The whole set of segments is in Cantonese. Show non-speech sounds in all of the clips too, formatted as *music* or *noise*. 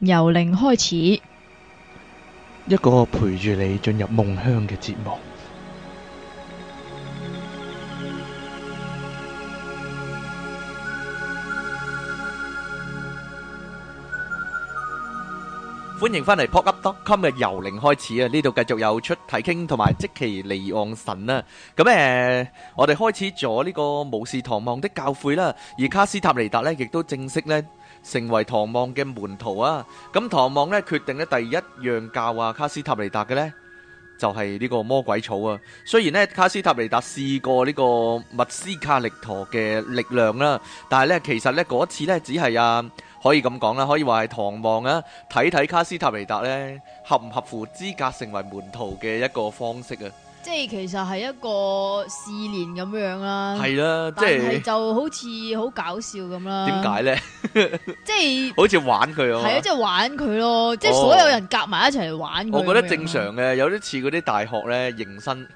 由零開始，一個陪住你進入夢鄉嘅節目。歡迎翻嚟 Poke Up Dot Com 嘅由零開始啊！呢度繼續有出睇傾同埋即其離岸神啦。咁、嗯、誒，我哋開始咗呢個巫士唐望的教誨啦。而卡斯塔尼達呢，亦都正式呢成為唐望嘅門徒啊。咁唐望呢決定呢第一樣教啊卡斯塔尼達嘅呢就係呢個魔鬼草啊。雖然呢，卡斯塔尼達試過呢個密斯卡力陀嘅力量啦，但係呢，其實呢嗰次呢，只係啊。可以咁講啦，可以話係唐望啊，睇睇卡斯塔尼達咧合唔合乎資格成為門徒嘅一個方式啊！即係其實係一個試煉咁樣啦，係啦、啊，即、就、係、是、就好似好搞笑咁啦。點解咧？ *laughs* 即係是好似玩佢咯！係啊，即係玩佢咯！哦、即係所有人夾埋一齊玩。我覺得正常嘅，有啲似嗰啲大學咧迎新。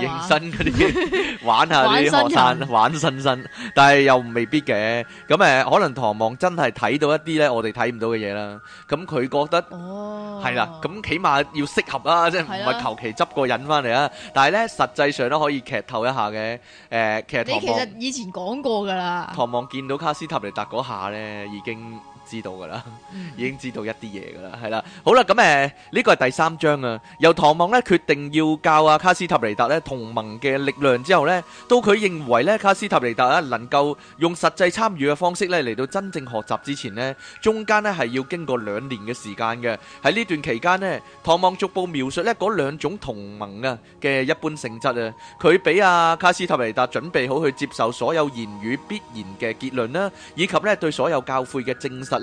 認真嗰啲， *laughs* 玩下啲學生 *laughs* 玩新人玩新生，但係又未必嘅。咁、嗯、誒，可能唐望真係睇到一啲咧，我哋睇唔到嘅嘢啦。咁佢覺得，哦，係啦。咁起碼要適合啊，即係唔係求其執個人翻嚟啊？的但係咧，實際上都可以劇透一下嘅。誒、呃，其實唐望你其實以前講過噶啦。唐望見到卡斯塔尼達嗰下咧，已經知道噶啦，已經知道一啲嘢噶啦，係啦，好啦，咁誒呢個係第三章啊。由唐望咧決定要教啊卡斯塔尼達咧同盟嘅力量之後咧，到佢認為咧卡斯塔尼達啊能夠用實際參與嘅方式咧嚟到真正學習之前咧，中間咧係要經過兩年嘅時間嘅。喺呢段期間咧，唐望逐步描述咧嗰兩種同盟啊嘅一般性質啊，佢俾阿卡斯塔尼達準備好去接受所有言語必然嘅結論啦，以及咧對所有教誨嘅證實。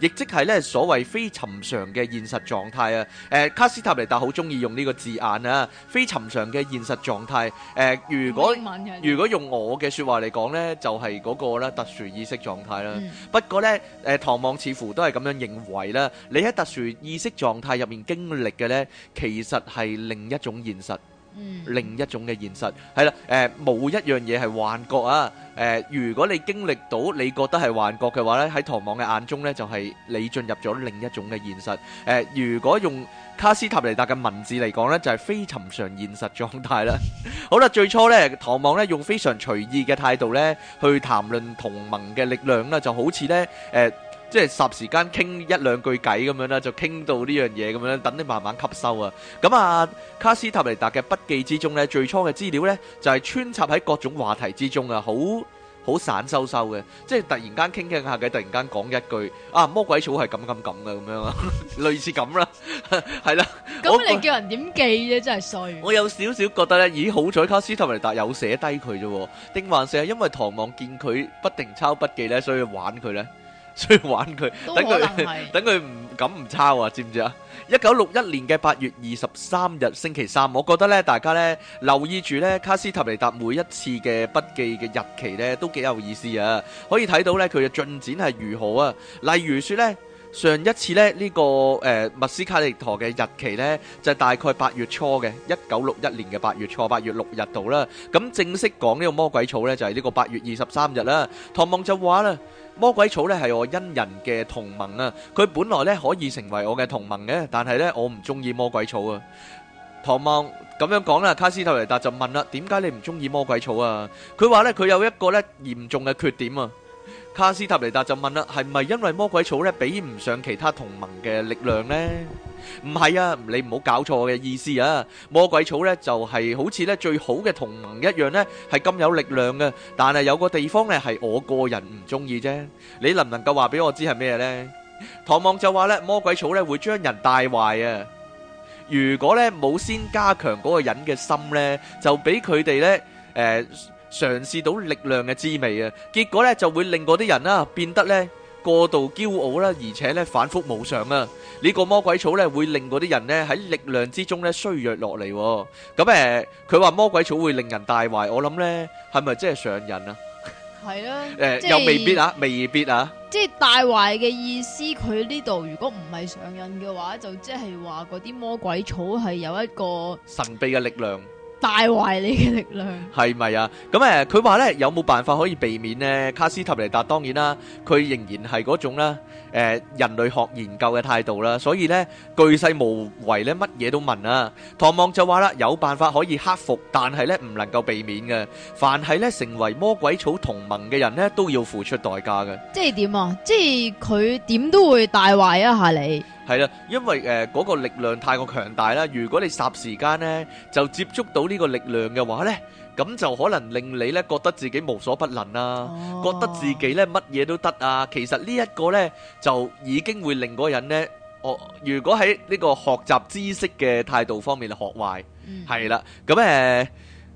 亦即係咧所謂非尋常嘅現實狀態啊！誒、呃，卡斯塔尼達好中意用呢個字眼啊，非尋常嘅現實狀態。誒、呃，如果如果用我嘅說話嚟講呢就係、是、嗰個咧特殊意識狀態啦。嗯、不過呢，誒、呃，唐望似乎都係咁樣認為啦。你喺特殊意識狀態入面經歷嘅呢，其實係另一種現實。另一種嘅現實係啦，誒，冇、呃、一樣嘢係幻覺啊！誒、呃，如果你經歷到你覺得係幻覺嘅話呢，喺唐望嘅眼中呢，就係、是、你進入咗另一種嘅現實。誒、呃，如果用卡斯塔尼達嘅文字嚟講呢，就係、是、非尋常，常現實狀態啦。 *laughs* 好啦，最初呢，唐望呢用非常隨意嘅態度呢去談論同盟嘅力量啦，就好似呢。誒、呃。即係霎時間傾一兩句偈咁樣啦，就傾到呢樣嘢咁樣，等你慢慢吸收啊。咁啊，卡斯泰尼達嘅筆記之中咧，最初嘅資料咧就係穿插喺各種話題之中啊，好好散收收嘅。即係突然間傾傾下嘅，突然間講一句啊，魔鬼草係咁咁咁嘅咁樣啊，類似咁啦，係啦。咁你叫人點記啫？真係衰。我有少少覺得咧，咦？好彩卡斯泰尼達有寫低佢啫，定還是係因為唐望見佢不停抄筆記咧，所以玩佢咧？所以玩佢，等佢，等佢唔敢唔抄啊！知唔知啊？一九六一年嘅八月二十三日星期三，我覺得咧，大家咧留意住咧，卡斯塔尼達每一次嘅筆記嘅日期咧，都幾有意思啊！可以睇到咧，佢嘅進展係如何啊？例如說呢，說咧。上一次咧呢個誒，墨斯卡利托嘅日期咧就係大概八月初嘅一九六一年嘅八月初八月六日度啦。咁正式講呢個魔鬼草咧就係呢個八月二十三日啦。唐望就話啦，魔鬼草咧係我恩人嘅同盟啊。佢本來咧可以成為我嘅同盟嘅，但係咧我唔中意魔鬼草啊。唐望咁樣講啦，卡斯透尼達就問啦，點解你唔中意魔鬼草啊？佢話咧佢有一個咧嚴重嘅缺點啊。卡斯塔尼達就問啦，係咪因為魔鬼草咧比唔上其他同盟嘅力量咧？唔係啊，你唔好搞錯我嘅意思啊！魔鬼草咧就係好似咧最好嘅同盟一樣咧，係咁有力量嘅。但係有個地方咧係我個人唔中意啫。你能唔能夠話俾我知係咩咧？唐望就話咧魔鬼草咧會將人帶壞啊！如果咧冇先加強嗰個人嘅心咧，就俾佢哋咧誒。嘗試到力量嘅滋味啊，結果咧就會令嗰啲人啦變得咧過度驕傲啦，而且咧反復無常啊。呢個魔鬼草咧會令嗰啲人咧喺力量之中咧衰弱落嚟。咁誒，佢話魔鬼草會令人大壞，我諗咧係咪真係上癮啊？係啦，誒又未必啊，未必啊。即係大壞嘅意思，佢呢度如果唔係上癮嘅話，就即係話嗰啲魔鬼草係有一個神秘嘅力量。大壞你嘅力量係咪啊？咁誒，佢話咧有冇辦法可以避免咧？卡斯塔尼達當然啦，佢仍然係嗰種啦，誒人類學研究嘅態度啦，所以咧巨細無遺咧，乜嘢都問啊。唐望就話啦，有辦法可以克服，但係咧唔能夠避免嘅。凡係咧成為魔鬼草同盟嘅人咧，都要付出代價嘅。即係點啊？即係佢點都會大壞一下你。係啦，因為誒嗰個力量太過強大啦，如果你霎時間咧就接觸到呢個力量嘅話咧，咁就可能令你咧覺得自己無所不能啦，覺得自己咧乜嘢都得啊。其實呢一個咧就已經會令嗰個人咧，哦，如果喺呢個學習知識嘅態度方面嚟學壞，係啦。咁誒，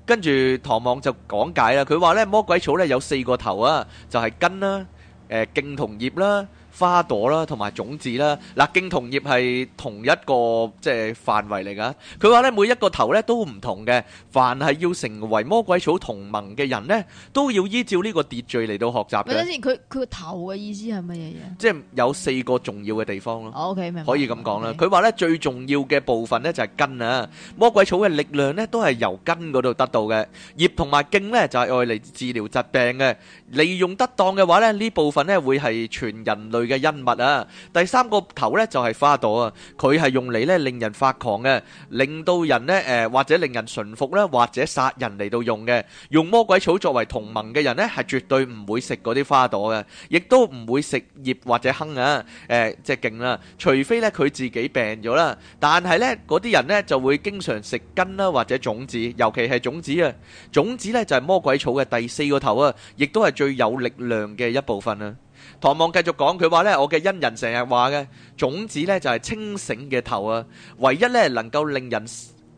跟住唐望就講解啦，佢話咧魔鬼草咧有四個頭啊，就係根啦，誒莖同葉啦。花朵啦，同埋種子啦，嗱，莖同葉係同一個即係範圍嚟噶。佢話咧，每一個頭咧都唔同嘅。凡係要成為魔鬼草同盟嘅人咧，都要依照呢個秩序嚟到學習嘅。問先，佢佢個頭嘅意思係乜嘢嘢？即係有四個重要嘅地方咯。OK，明白。可以咁講啦。佢話咧，最重要嘅部分咧就係根啊！魔鬼草嘅力量咧都係由根嗰度得到嘅。葉同埋莖咧就係愛嚟治療疾病嘅。利用得當嘅話咧，呢部分咧會係全人類嘅恩物啊！第三個頭咧就係花朵啊，佢係用嚟咧令人發狂嘅，令到人咧誒，或者令人馴服咧，或者殺人嚟到用嘅。用魔鬼草作為同盟嘅人咧，係絕對唔會食嗰啲花朵嘅，亦都唔會食葉或者莖啊。誒，即係勁啦，除非咧佢自己病咗啦。但係咧嗰啲人咧就會經常食根啦或者種子，尤其係種子啊。種子咧就係魔鬼草嘅第四個頭啊，亦都係最有力量嘅一部分啊。唐望繼續講，佢話咧，我嘅恩人成日話嘅種子咧就係清醒嘅頭啊，唯一咧能夠令人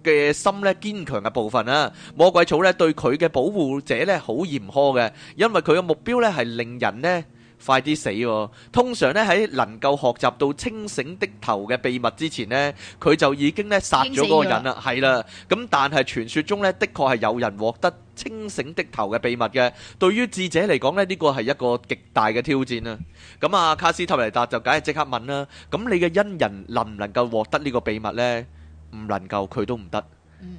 嘅心咧堅強嘅部分啊，魔鬼草咧對佢嘅保護者咧好嚴苛嘅，因為佢嘅目標咧係令人呢。」快啲死喎、哦！通常咧喺能夠學習到清醒的頭嘅秘密之前呢，佢就已經咧殺咗嗰個人啦。係啦，咁但係傳說中咧，的確係有人獲得清醒的頭嘅秘密嘅。對於智者嚟講呢，呢個係一個極大嘅挑戰啊！咁啊，卡斯塔尼達就梗係即刻問啦：咁你嘅恩人能唔能夠獲得呢個秘密呢？唔能夠，佢都唔得。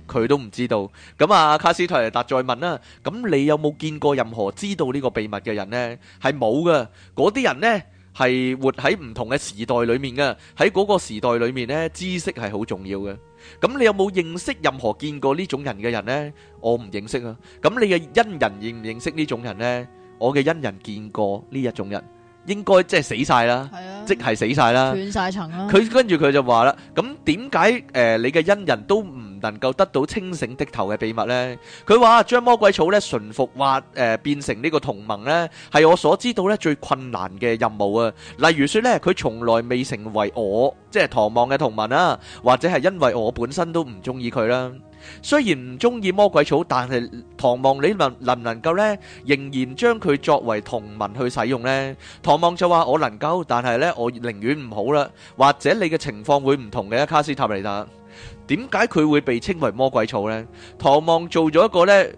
佢都唔知道，咁啊卡斯泰爾達再問啦，咁你有冇見過任何知道呢個秘密嘅人呢？係冇噶，嗰啲人呢係活喺唔同嘅時代裏面噶，喺嗰個時代裏面呢，知識係好重要嘅。咁你有冇認識任何見過呢種人嘅人呢？我唔認識啊。咁你嘅恩人認唔認識呢種人呢？我嘅恩人見過呢一種人。應該即係死晒啦，即係死晒啦，斷晒層啦。佢跟住佢就話啦，咁點解誒你嘅恩人都唔能夠得到清醒的頭嘅秘密呢？佢話將魔鬼草咧馴服或誒變成呢個同盟呢，係我所知道咧最困難嘅任務啊。例如說呢，佢從來未成為我即係唐望嘅同盟啊，或者係因為我本身都唔中意佢啦。雖然唔中意魔鬼草，但係唐望你能能唔能夠呢，仍然將佢作為同盟去使用呢？唐望就話我能夠，但係呢，我寧願唔好啦。或者你嘅情況會唔同嘅，卡斯塔尼達。點解佢會被稱為魔鬼草呢？唐望做咗一個呢。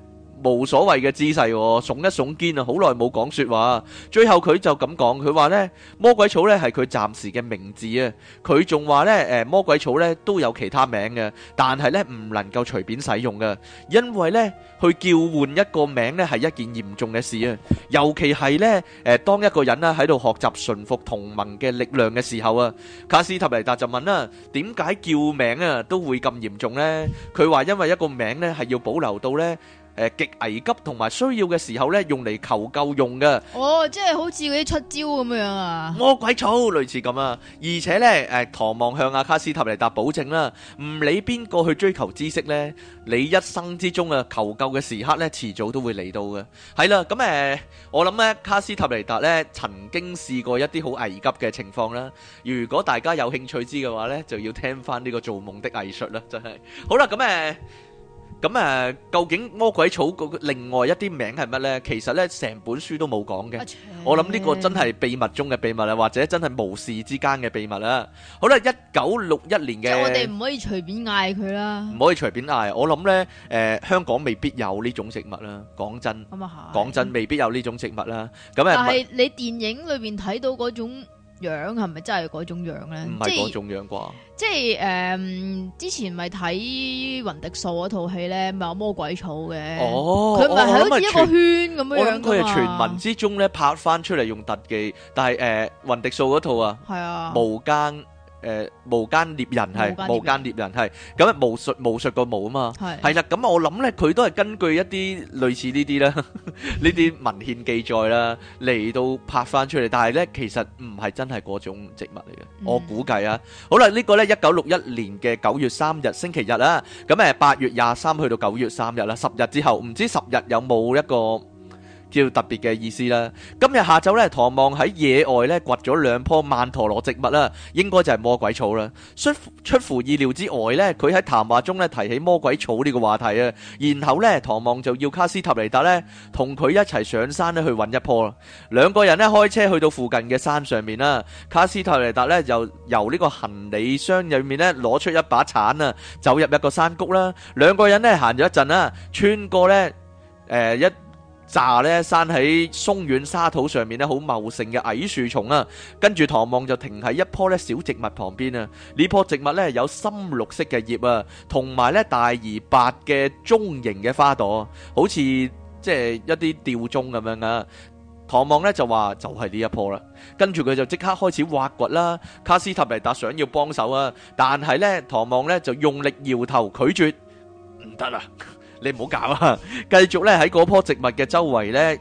冇所謂嘅姿勢，聳一聳肩啊！好耐冇講說話，最後佢就咁講，佢話咧，魔鬼草咧係佢暫時嘅名字啊！佢仲話咧誒，魔鬼草咧都有其他名嘅，但係咧唔能夠隨便使用嘅，因為咧去叫換一個名咧係一件嚴重嘅事啊！尤其係咧誒，當一個人咧喺度學習順服同盟嘅力量嘅時候啊，卡斯塔尼達就問啦，點解叫名啊都會咁嚴重咧？佢話因為一個名咧係要保留到咧。誒，極危急同埋需要嘅時候咧，用嚟求救用嘅。哦，即係好似嗰啲出招咁樣啊！魔鬼草類似咁啊，而且咧，誒，唐望向阿卡斯塔尼達保證啦，唔理邊個去追求知識咧，你一生之中啊，求救嘅時刻咧，遲早都會嚟到嘅。係啦，咁誒，我諗咧，卡斯塔尼達咧，曾經試過一啲好危急嘅情況啦。如果大家有興趣知嘅話咧，就要聽翻呢個做夢的藝術啦，真係。好啦，咁誒。咁誒，究竟魔鬼草嘅另外一啲名係乜咧？其實咧，成本書都冇講嘅。我諗呢個真係秘密中嘅秘密啦，或者真係巫士之間嘅秘密啦。好啦，一九六一年嘅，我哋唔可以隨便嗌佢啦。唔可以隨便嗌。我諗咧，誒，香港未必有呢種植物啦。講真，咁啊，講真未必有呢種植物啦。咁誒，但係你電影裏邊睇到嗰種。樣係咪真係嗰種樣咧？唔係嗰種樣啩。即係誒，之前咪睇《雲迪素戲呢》嗰套戲咧，咪有魔鬼草嘅。哦，佢咪好似一個圈咁樣樣。佢係傳聞之中咧拍翻出嚟用特技，但係誒，呃，《雲迪素》嗰套啊，係啊，無間。誒、呃，無間獵人係，無間獵人係，咁巫術巫術個無啊嘛，係啦的，咁我諗咧佢都係根據一啲類似呢啲啦，呢 *laughs* 啲文獻記載啦嚟到拍翻出嚟，但係咧其實唔係真係嗰種植物嚟嘅，我估計啊，嗯、好啦，這個、呢個咧，一九六一年嘅九月三日星期日啦，咁誒八月廿三去到九月三日啦，十日之後唔知十日有冇一個。叫特別嘅意思啦。今日下晝咧，唐望喺野外咧掘咗兩棵曼陀羅植物啦，應該就係魔鬼草啦。出出乎意料之外咧，佢喺談話中咧提起魔鬼草呢個話題啊。然後咧，唐望就要卡斯塔尼達咧同佢一齊上山咧去揾一樖咯。兩個人咧開車去到附近嘅山上面啦。卡斯塔尼達咧就由呢個行李箱入面咧攞出一把鏟啊，走入一個山谷啦。兩個人咧行咗一陣啦，穿過咧誒一。乍咧生喺鬆軟沙土上面咧，好茂盛嘅矮樹叢啊！跟住唐望就停喺一棵咧小植物旁邊啊！呢棵植物咧有深綠色嘅葉啊，同埋咧大而白嘅鐘形嘅花朵，好似即係一啲吊鐘咁樣啊！唐望咧就話就係呢一棵啦，跟住佢就即刻開始挖掘啦。卡斯塔尼達想要幫手啊，但係咧唐望咧就用力搖頭拒絕，唔得啦！你唔好搞啊！繼續咧喺嗰棵植物嘅周圍咧。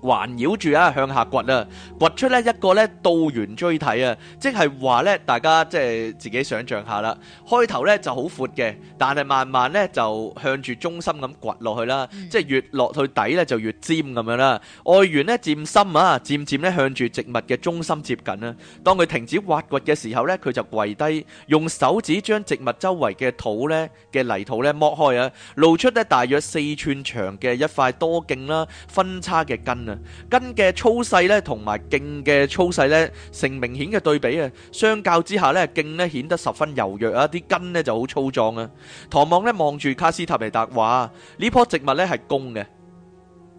環繞住啊，向下掘啊，掘出咧一個咧倒圓錐體啊，即係話咧，大家即係自己想象下啦。開頭咧就好闊嘅，但係慢慢咧就向住中心咁掘落去啦，即係越落去底咧就越尖咁樣啦。外緣咧漸深啊，漸漸咧向住植物嘅中心接近啊。當佢停止挖掘嘅時候咧，佢就跪低，用手指將植物周圍嘅土咧嘅泥土咧剝開啊，露出咧大約四寸長嘅一塊多徑啦分叉嘅根。根嘅粗細咧，同埋莖嘅粗細咧，成明顯嘅對比啊！相較之下咧，莖咧顯得十分柔弱啊，啲根咧就好粗壯啊。唐望咧望住卡斯塔尼達，話：呢棵植物咧係公嘅，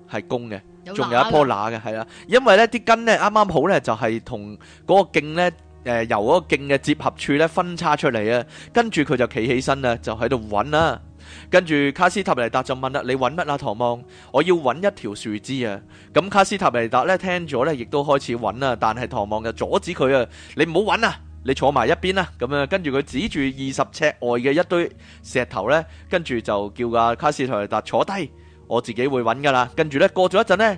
係公嘅，仲有，有一棵乸嘅，係啦。因為咧啲根咧啱啱好咧就係同嗰個莖咧，誒、呃、由嗰個莖嘅接合處咧分叉出嚟啊。跟住佢就企起身啦，就喺度搵啦。跟住卡斯塔尼達就問啦：你揾乜啊？唐望，我要揾一條樹枝啊！咁卡斯塔尼達呢聽咗呢，亦都開始揾啦。但係唐望就阻止佢啊！你唔好揾啊！你坐埋一邊啦。咁樣跟住佢指住二十尺外嘅一堆石頭呢，跟住就叫阿卡斯塔尼達坐低，我自己會揾噶啦。跟住呢，過咗一陣呢。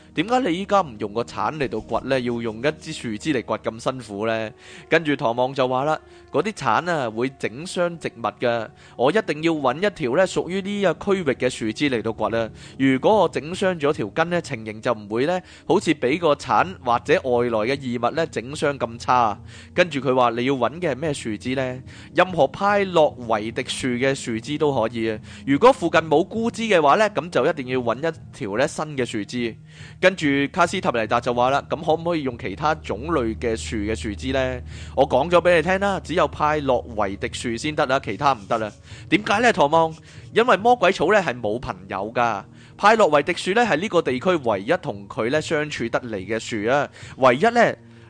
點解你依家唔用個鏟嚟到掘呢？要用一支樹枝嚟掘咁辛苦呢？跟住唐望就話啦，嗰啲鏟啊會整傷植物噶，我一定要揾一條呢屬於呢個區域嘅樹枝嚟到掘啦。如果我整傷咗條根呢，情形就唔會呢，好似俾個鏟或者外來嘅異物呢整傷咁差。跟住佢話，你要揾嘅係咩樹枝呢？任何派落維迪樹嘅樹枝都可以啊。如果附近冇枯枝嘅話呢，咁就一定要揾一條呢新嘅樹枝。跟住卡斯塔尼達就話啦，咁可唔可以用其他種類嘅樹嘅樹枝呢？我講咗俾你聽啦，只有派洛維迪樹先得啦，其他唔得啦。點解呢？唐望？因為魔鬼草呢係冇朋友噶，派洛維迪樹呢係呢個地區唯一同佢呢相處得嚟嘅樹啊，唯一呢。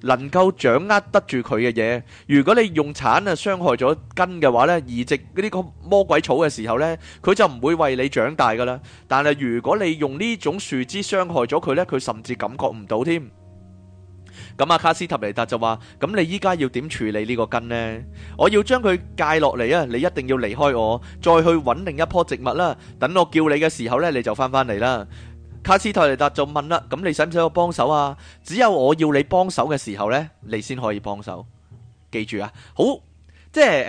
能夠掌握得住佢嘅嘢，如果你用鏟啊傷害咗根嘅話咧，移植呢啲個魔鬼草嘅時候咧，佢就唔會為你長大噶啦。但係如果你用呢種樹枝傷害咗佢咧，佢甚至感覺唔到添。咁啊，卡斯塔尼達就話：，咁你依家要點處理呢個根咧？我要將佢界落嚟啊！你一定要離開我，再去揾另一棵植物啦。等我叫你嘅時候咧，你就翻翻嚟啦。卡斯塔尼達就問啦、啊，咁你使唔使我幫手啊？只有我要你幫手嘅時候呢，你先可以幫手。記住啊，好，即係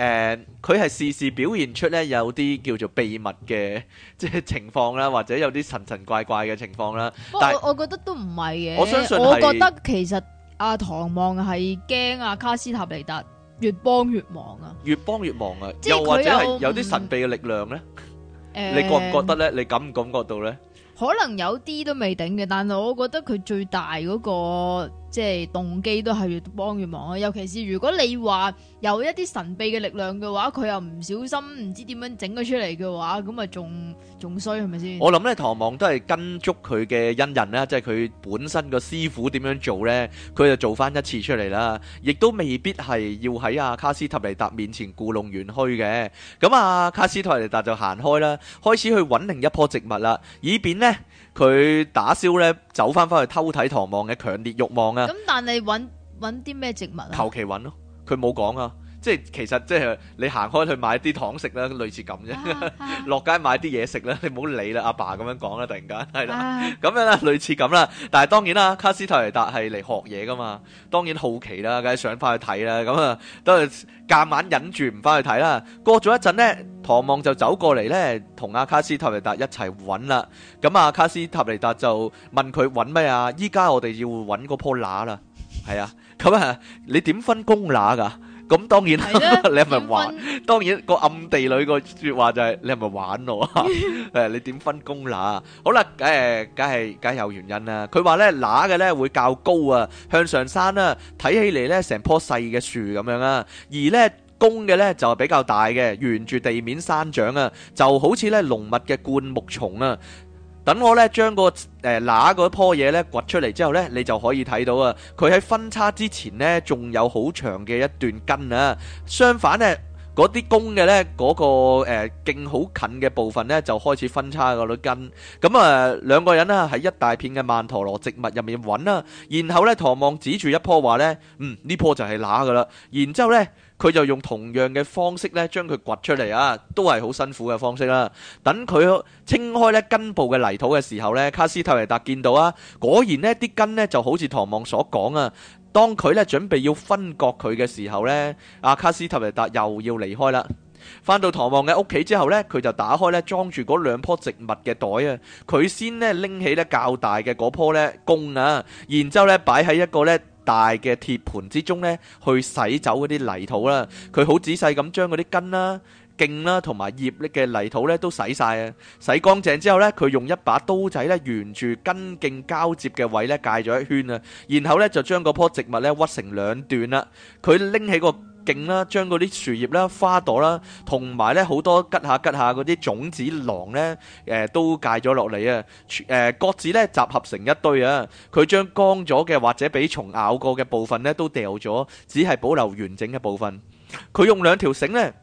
佢係事事表現出呢有啲叫做秘密嘅即係情況啦，或者有啲神神怪怪嘅情況啦。不過 但係我，我覺得都唔係嘅，我相信我覺得其實阿、啊、唐望係驚啊。卡斯塔尼達越幫越忙啊，越幫越忙啊，又，又或者係有啲神秘嘅力量呢？嗯、 *laughs* 你覺唔覺得呢？你感唔感覺到呢？可能有啲都未頂嘅，但係我覺得佢最大嗰，那個。即係動機都係越幫越忙啊！尤其是如果你話有一啲神秘嘅力量嘅話，佢又唔小心唔知點樣整咗出嚟嘅話，咁啊仲仲衰係咪先？是是我諗咧，唐望都係跟足佢嘅恩人啦，即係佢本身個師傅點樣做咧，佢就做翻一次出嚟啦。亦都未必係要喺阿卡斯特尼達面前故弄玄虛嘅。咁阿、啊、卡斯特尼達就行開啦，開始去揾另一棵植物啦，以便呢。佢打消咧，走返返去偷睇唐望嘅強烈慾望啊！咁但係揾揾啲咩植物啊？求其揾咯，佢冇講啊。即係其實即係你行開去買啲糖食啦，類似咁啫。落、啊啊、 *laughs* 街買啲嘢食啦，你唔好理啦，阿爸咁樣講啦，突然間係啦咁樣啦，類似咁啦。但係當然啦，卡斯塔尼達係嚟學嘢噶嘛，當然好奇啦，梗係想翻去睇啦。咁啊都係夾硬忍住唔翻去睇啦。過咗一陣咧，唐望就走過嚟咧，同阿、啊、卡斯塔尼達一齊揾啦。咁啊，卡斯塔尼達就問佢揾咩啊？依家我哋要揾嗰樖乸啦，係啊。咁啊，你點分公乸㗎？咁當然啦，你係咪玩？當然個暗地裏個説話就係你係咪玩我？誒 *laughs* *laughs* *laughs* 你點分工嗱？好啦，誒、呃，梗係梗係有原因啦。佢話咧乸嘅咧會較高啊，向上山啊，睇起嚟咧成棵細嘅樹咁樣啊，而咧公嘅咧就係、是、比較大嘅，沿住地面生長啊，就好似咧濃密嘅灌木叢啊。等我咧，將個誒乸嗰棵嘢，咧掘出嚟之後咧，你就可以睇到啊。佢喺分叉之前咧，仲有好長嘅一段根啊。相反咧，嗰啲公嘅咧，嗰、嗰個誒勁、呃、好近嘅部分咧，就開始分叉嗰啲根。咁啊，兩、呃、個人啊喺一大片嘅曼陀羅植物入面揾啦，然後咧，唐望指住一棵話咧，嗯，呢棵就係乸噶啦。然之後咧。佢就用同樣嘅方式咧，將佢掘出嚟啊，都係好辛苦嘅方式啦。等佢清開咧根部嘅泥土嘅時候咧，卡斯特利達見到啊，果然呢啲根咧就好似唐望所講啊。當佢咧準備要分割佢嘅時候咧，阿卡斯特利達又要離開啦。返到唐望嘅屋企之後咧，佢就打開咧裝住嗰兩樖植物嘅袋啊。佢先咧拎起咧較大嘅嗰樖咧公啊，然之後咧擺喺一個咧。大嘅鐵盤之中咧，去洗走嗰啲泥土啦。佢好仔細咁將嗰啲根啦、莖啦同埋葉咧嘅泥土咧都洗晒啊！洗乾淨之後咧，佢用一把刀仔咧，沿住根莖交接嘅位咧界咗一圈啊，然後咧就將嗰樖植物咧屈成兩段啦。佢拎起個。勁啦，將嗰啲樹葉啦、花朵啦，同埋咧好多吉下吉下嗰啲種子囊咧，誒都割咗落嚟啊！誒，各自咧集合成一堆啊！佢將乾咗嘅或者俾蟲咬過嘅部分咧都掉咗，只係保留完整嘅部分。佢用兩條繩咧，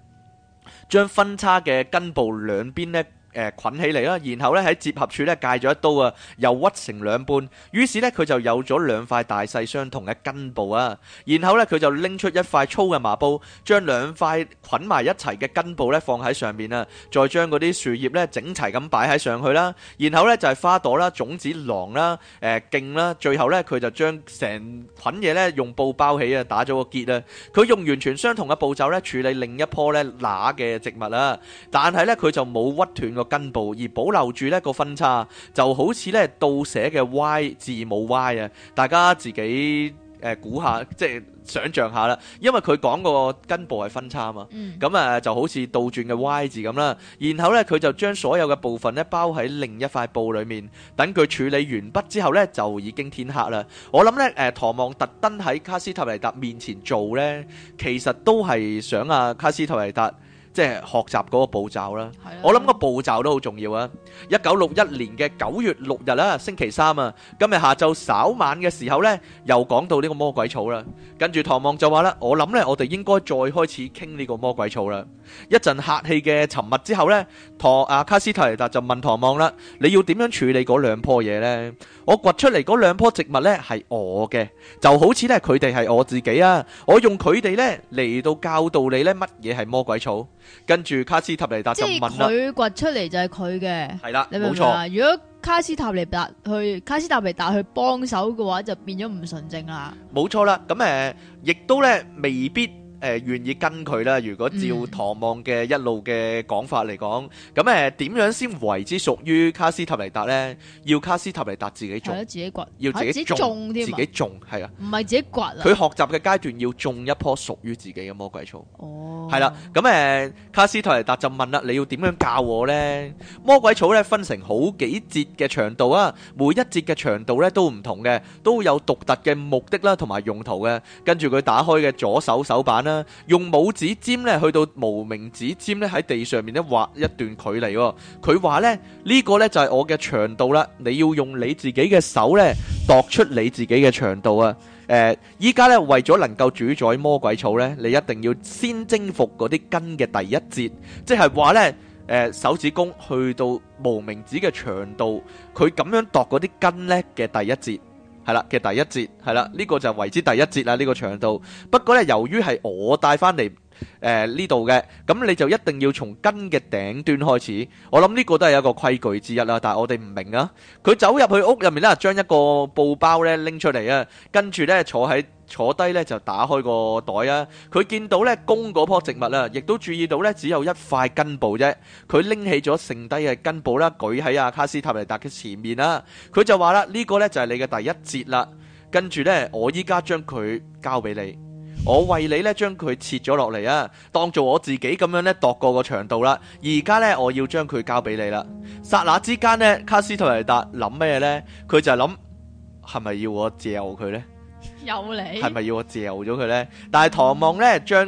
將分叉嘅根部兩邊咧。誒捆起嚟啦，然後咧喺接合處咧界咗一刀啊，又屈成兩半，於是咧佢就有咗兩塊大細相同嘅根部啊。然後咧佢就拎出一塊粗嘅麻布，將兩塊捆埋一齊嘅根部咧放喺上面啊，再將嗰啲樹葉咧整齊咁擺喺上去啦。然後咧就係花朵啦、種子囊啦、誒莖啦，最後咧佢就將成捆嘢咧用布包起啊，打咗個結啊。佢用完全相同嘅步驟咧處理另一棵咧乸嘅植物啦，但係咧佢就冇屈斷。個根部，而保留住呢個分叉，就好似呢倒寫嘅 Y 字母 Y 啊！大家自己誒估下，即係想象下啦。因為佢講個根部係分叉嘛，咁啊就好似倒轉嘅 Y 字咁啦。然後呢佢就將所有嘅部分呢包喺另一塊布裏面，等佢處理完畢，之後呢就已經天黑啦。我諗呢誒，唐望特登喺卡斯泰利達面前做呢，其實都係想啊卡斯泰利達即係學習嗰個步驟啦， *music* 我諗個步驟都好重要啊！一九六一年嘅九月六日啦，星期三啊，今日下晝稍晚嘅時候呢，又講到呢個魔鬼草啦。跟住唐望就話啦，我諗呢，我哋應該再開始傾呢個魔鬼草啦。一陣客氣嘅沉默之後呢，唐阿卡斯提達就問唐望啦：你要點樣處理嗰兩棵嘢呢？我掘出嚟嗰兩棵植物呢係我嘅，就好似呢，佢哋係我自己啊！我用佢哋呢嚟到教導你呢乜嘢係魔鬼草。跟住卡斯塔尼達就問啦，即係佢掘出嚟就係佢嘅，係啦的，你冇錯。錯如果卡斯塔尼達去卡斯塔尼達去幫手嘅話，就變咗唔純正啦。冇錯啦，咁誒、呃，亦都咧未必。誒，願意跟佢啦。如果照唐望嘅一路嘅講法嚟講，咁誒點樣先為之屬於卡斯塔尼達咧？要卡斯塔尼達自己種，自己掘，要自己種，自己種，係啊，唔係自己掘啊。佢學習嘅階段要種一樖屬於自己嘅魔鬼草。哦，係啦。咁誒，卡斯塔尼達就問啦：你要點樣教我咧？魔鬼草咧分成好幾節嘅長度啊，每一節嘅長度咧都唔同嘅，都有獨特嘅目的啦同埋用途嘅。跟住佢打開嘅左手手板咧。用拇指尖咧，去到無名指尖咧，喺地上面咧劃一段距離。佢話咧，呢個咧就係我嘅長度啦。你要用你自己嘅手咧，度出你自己嘅長度啊！誒、呃，依家，咧為咗能夠主宰魔鬼草咧，你一定要先征服嗰啲根嘅第一節，即係話咧，誒、呃、手指公去到無名指嘅長度，佢咁樣度嗰啲根咧嘅第一節。係啦，嘅第一節，係啦，呢個就為之第一節啦，呢個場度。不過咧，由於係我帶翻嚟。誒，呢度嘅，咁、嗯、你就一定要從根嘅頂端開始。我諗呢個都係一個規矩之一啦，但係我哋唔明啊。佢走入去屋入面啦，將一個布包咧拎出嚟啊，跟住咧坐喺坐低咧就打開個袋啊。佢見到咧公嗰棵植物啦，啊，亦都注意到咧只有一塊根部啫。佢拎起咗剩低嘅根部啦，舉喺阿卡斯塔尼達嘅前面啦，啊。佢就話啦：這個，呢個咧就係、是、你嘅第一節啦。跟住咧，我依家將佢交俾你。我為你咧將佢切咗落嚟，啊，當做我自己咁樣咧度過個長度啦。而家咧我要將佢交俾你啦。剎那之間咧，卡斯提維達諗咩咧？佢就係諗係咪要我嚼佢咧？有你係咪要我嚼咗佢咧？但係唐望咧將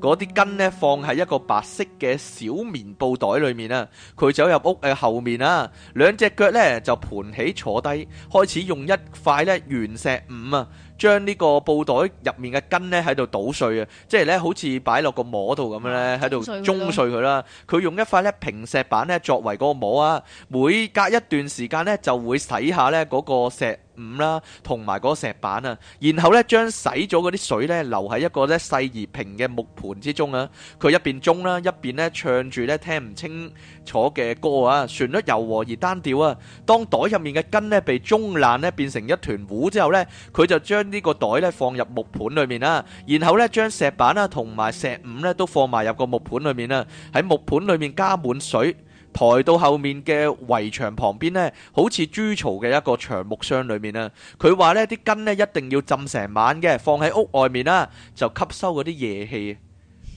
嗰啲根咧放喺一個白色嘅小棉布袋裏面啦。佢走入屋嘅後面啦，兩隻腳咧就盤起坐低，開始用一塊咧原石五啊。將呢個布袋入面嘅根咧喺度倒碎啊，即係咧好似擺落個磨度咁樣咧，喺度舂碎佢啦。佢用一塊咧平石板咧作為個磨啊，每隔一段時間咧就會洗下咧嗰個石五啦，同埋嗰石板啊，然後咧將洗咗嗰啲水咧留喺一個咧細而平嘅木盤之中啊，佢一邊舂啦，一邊咧唱住咧聽唔清楚嘅歌啊，旋律柔和而單調啊。當袋入面嘅根咧被舂爛咧變成一團糊之後咧，佢就將呢個袋咧放入木盤裏面啦，然後咧將石板啊同埋石五咧都放埋入個木盤裏面啦，喺木盤裏面加滿水。抬到後面嘅圍牆旁邊咧，好似豬槽嘅一個長木箱裏面啦。佢話咧啲根咧一定要浸成晚嘅，放喺屋外面啦，就吸收嗰啲夜氣，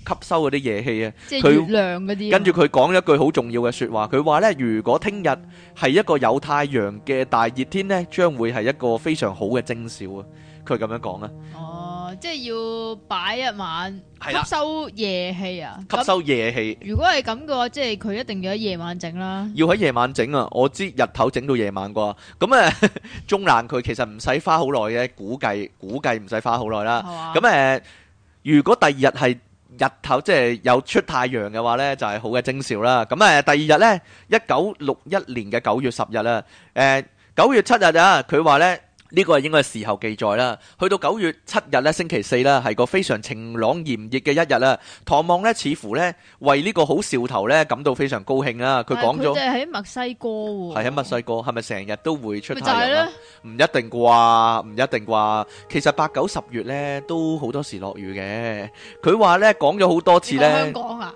吸收嗰啲夜氣啊。即係月亮嗰啲。跟住佢講一句好重要嘅説話，佢話咧：如果聽日係一個有太陽嘅大熱天咧，將會係一個非常好嘅徵兆啊！佢咁樣講啦。即係要擺一晚，吸收夜氣啊！吸收夜氣，如果係咁嘅話，即係佢一定要喺夜晚整啦。要喺夜晚整啊！我知日頭整到夜晚啩。咁誒，中爛佢其實唔使花好耐嘅，估計估計唔使花好耐啦。咁誒，如果第二日係日頭，即係有出太陽嘅話咧，就係好嘅徵兆啦。咁誒，第二日咧，一九六一年嘅九月十日啦，誒，九月七日啊，佢話咧。呢個係應該係事後記載啦。去到九月七日咧，星期四啦，係個非常晴朗炎熱嘅一日啦。唐望咧，似乎咧為呢個好兆頭咧感到非常高興啦。佢講咗，即係喺墨西哥喎、啊。喺、啊、墨西哥，係咪成日都會出太陽？唔一定啩，唔一定啩。其實八九十月咧都好多時落雨嘅。佢話咧講咗好多次咧。香港啊！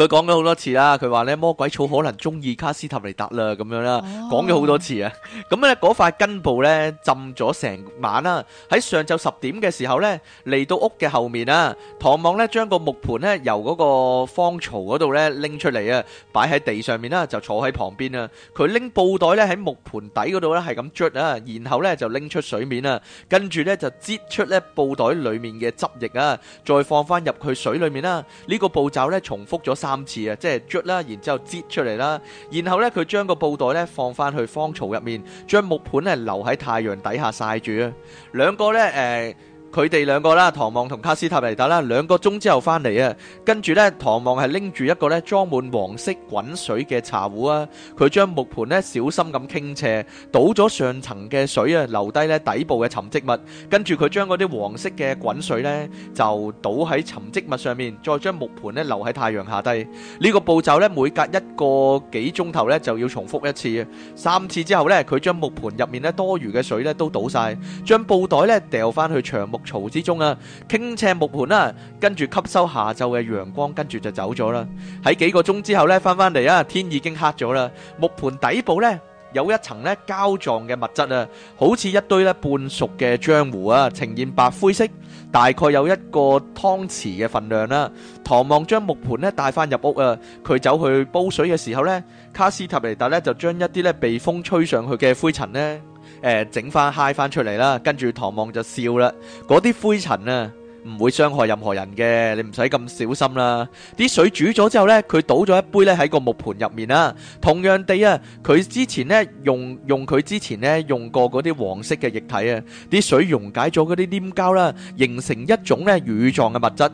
佢講咗好多次啦，佢話咧魔鬼草可能中意卡斯塔尼達啦咁樣啦，講咗好多次啊。咁咧嗰塊根部咧浸咗成晚啦。喺上晝十點嘅時候咧，嚟到屋嘅後面啊，唐望咧將個木盆咧由嗰個方槽嗰度咧拎出嚟啊，擺喺地上面啦，就坐喺旁邊啊。佢拎布袋咧喺木盆底嗰度咧係咁捽啊，然後咧就拎出水面啊，跟住咧就擠出咧布袋裡面嘅汁液啊，再放翻入佢水裡面啦。呢個步驟咧重複咗三三次啊，即係捽啦，然之後擠出嚟啦，然後咧佢將個布袋咧放翻去荒草入面，將木盤咧留喺太陽底下曬住啊，兩個咧誒。呃佢哋兩個啦，唐望同卡斯塔尼達啦，兩個鐘之後翻嚟啊。跟住咧，唐望係拎住一個咧裝滿黃色滾水嘅茶壺啊。佢將木盆咧小心咁傾斜，倒咗上層嘅水啊，留低咧底部嘅沉積物。跟住佢將嗰啲黃色嘅滾水咧，就倒喺沉積物上面，再將木盆咧留喺太陽下低。呢個步驟咧，每隔一個幾鐘頭咧就要重複一次啊。三次之後咧，佢將木盆入面咧多餘嘅水咧都倒晒，將布袋咧掉翻去牆木。嘈之中啊，傾斜木盤啦，跟住吸收下晝嘅陽光，跟住就走咗啦。喺幾個鐘之後咧，翻翻嚟啊，天已經黑咗啦。木盤底部咧有一層咧膠狀嘅物質啊，好似一堆咧半熟嘅漿糊啊，呈現白灰色，大概有一個湯匙嘅份量啦。唐望將木盤咧帶翻入屋啊，佢走去煲水嘅時候咧，卡斯塔尼達咧就將一啲咧被風吹上去嘅灰塵咧。誒，整翻嗨翻出嚟，啦，跟住唐望就笑啦。嗰啲灰塵啊，唔會傷害任何人嘅，你唔使咁小心啦。啲水煮咗之後咧，佢倒咗一杯咧喺個木盤入面啦。同樣地啊，佢之前咧用用佢之前咧用過嗰啲黃色嘅液體啊，啲水溶解咗嗰啲黏膠啦，形成一種咧乳狀嘅物質。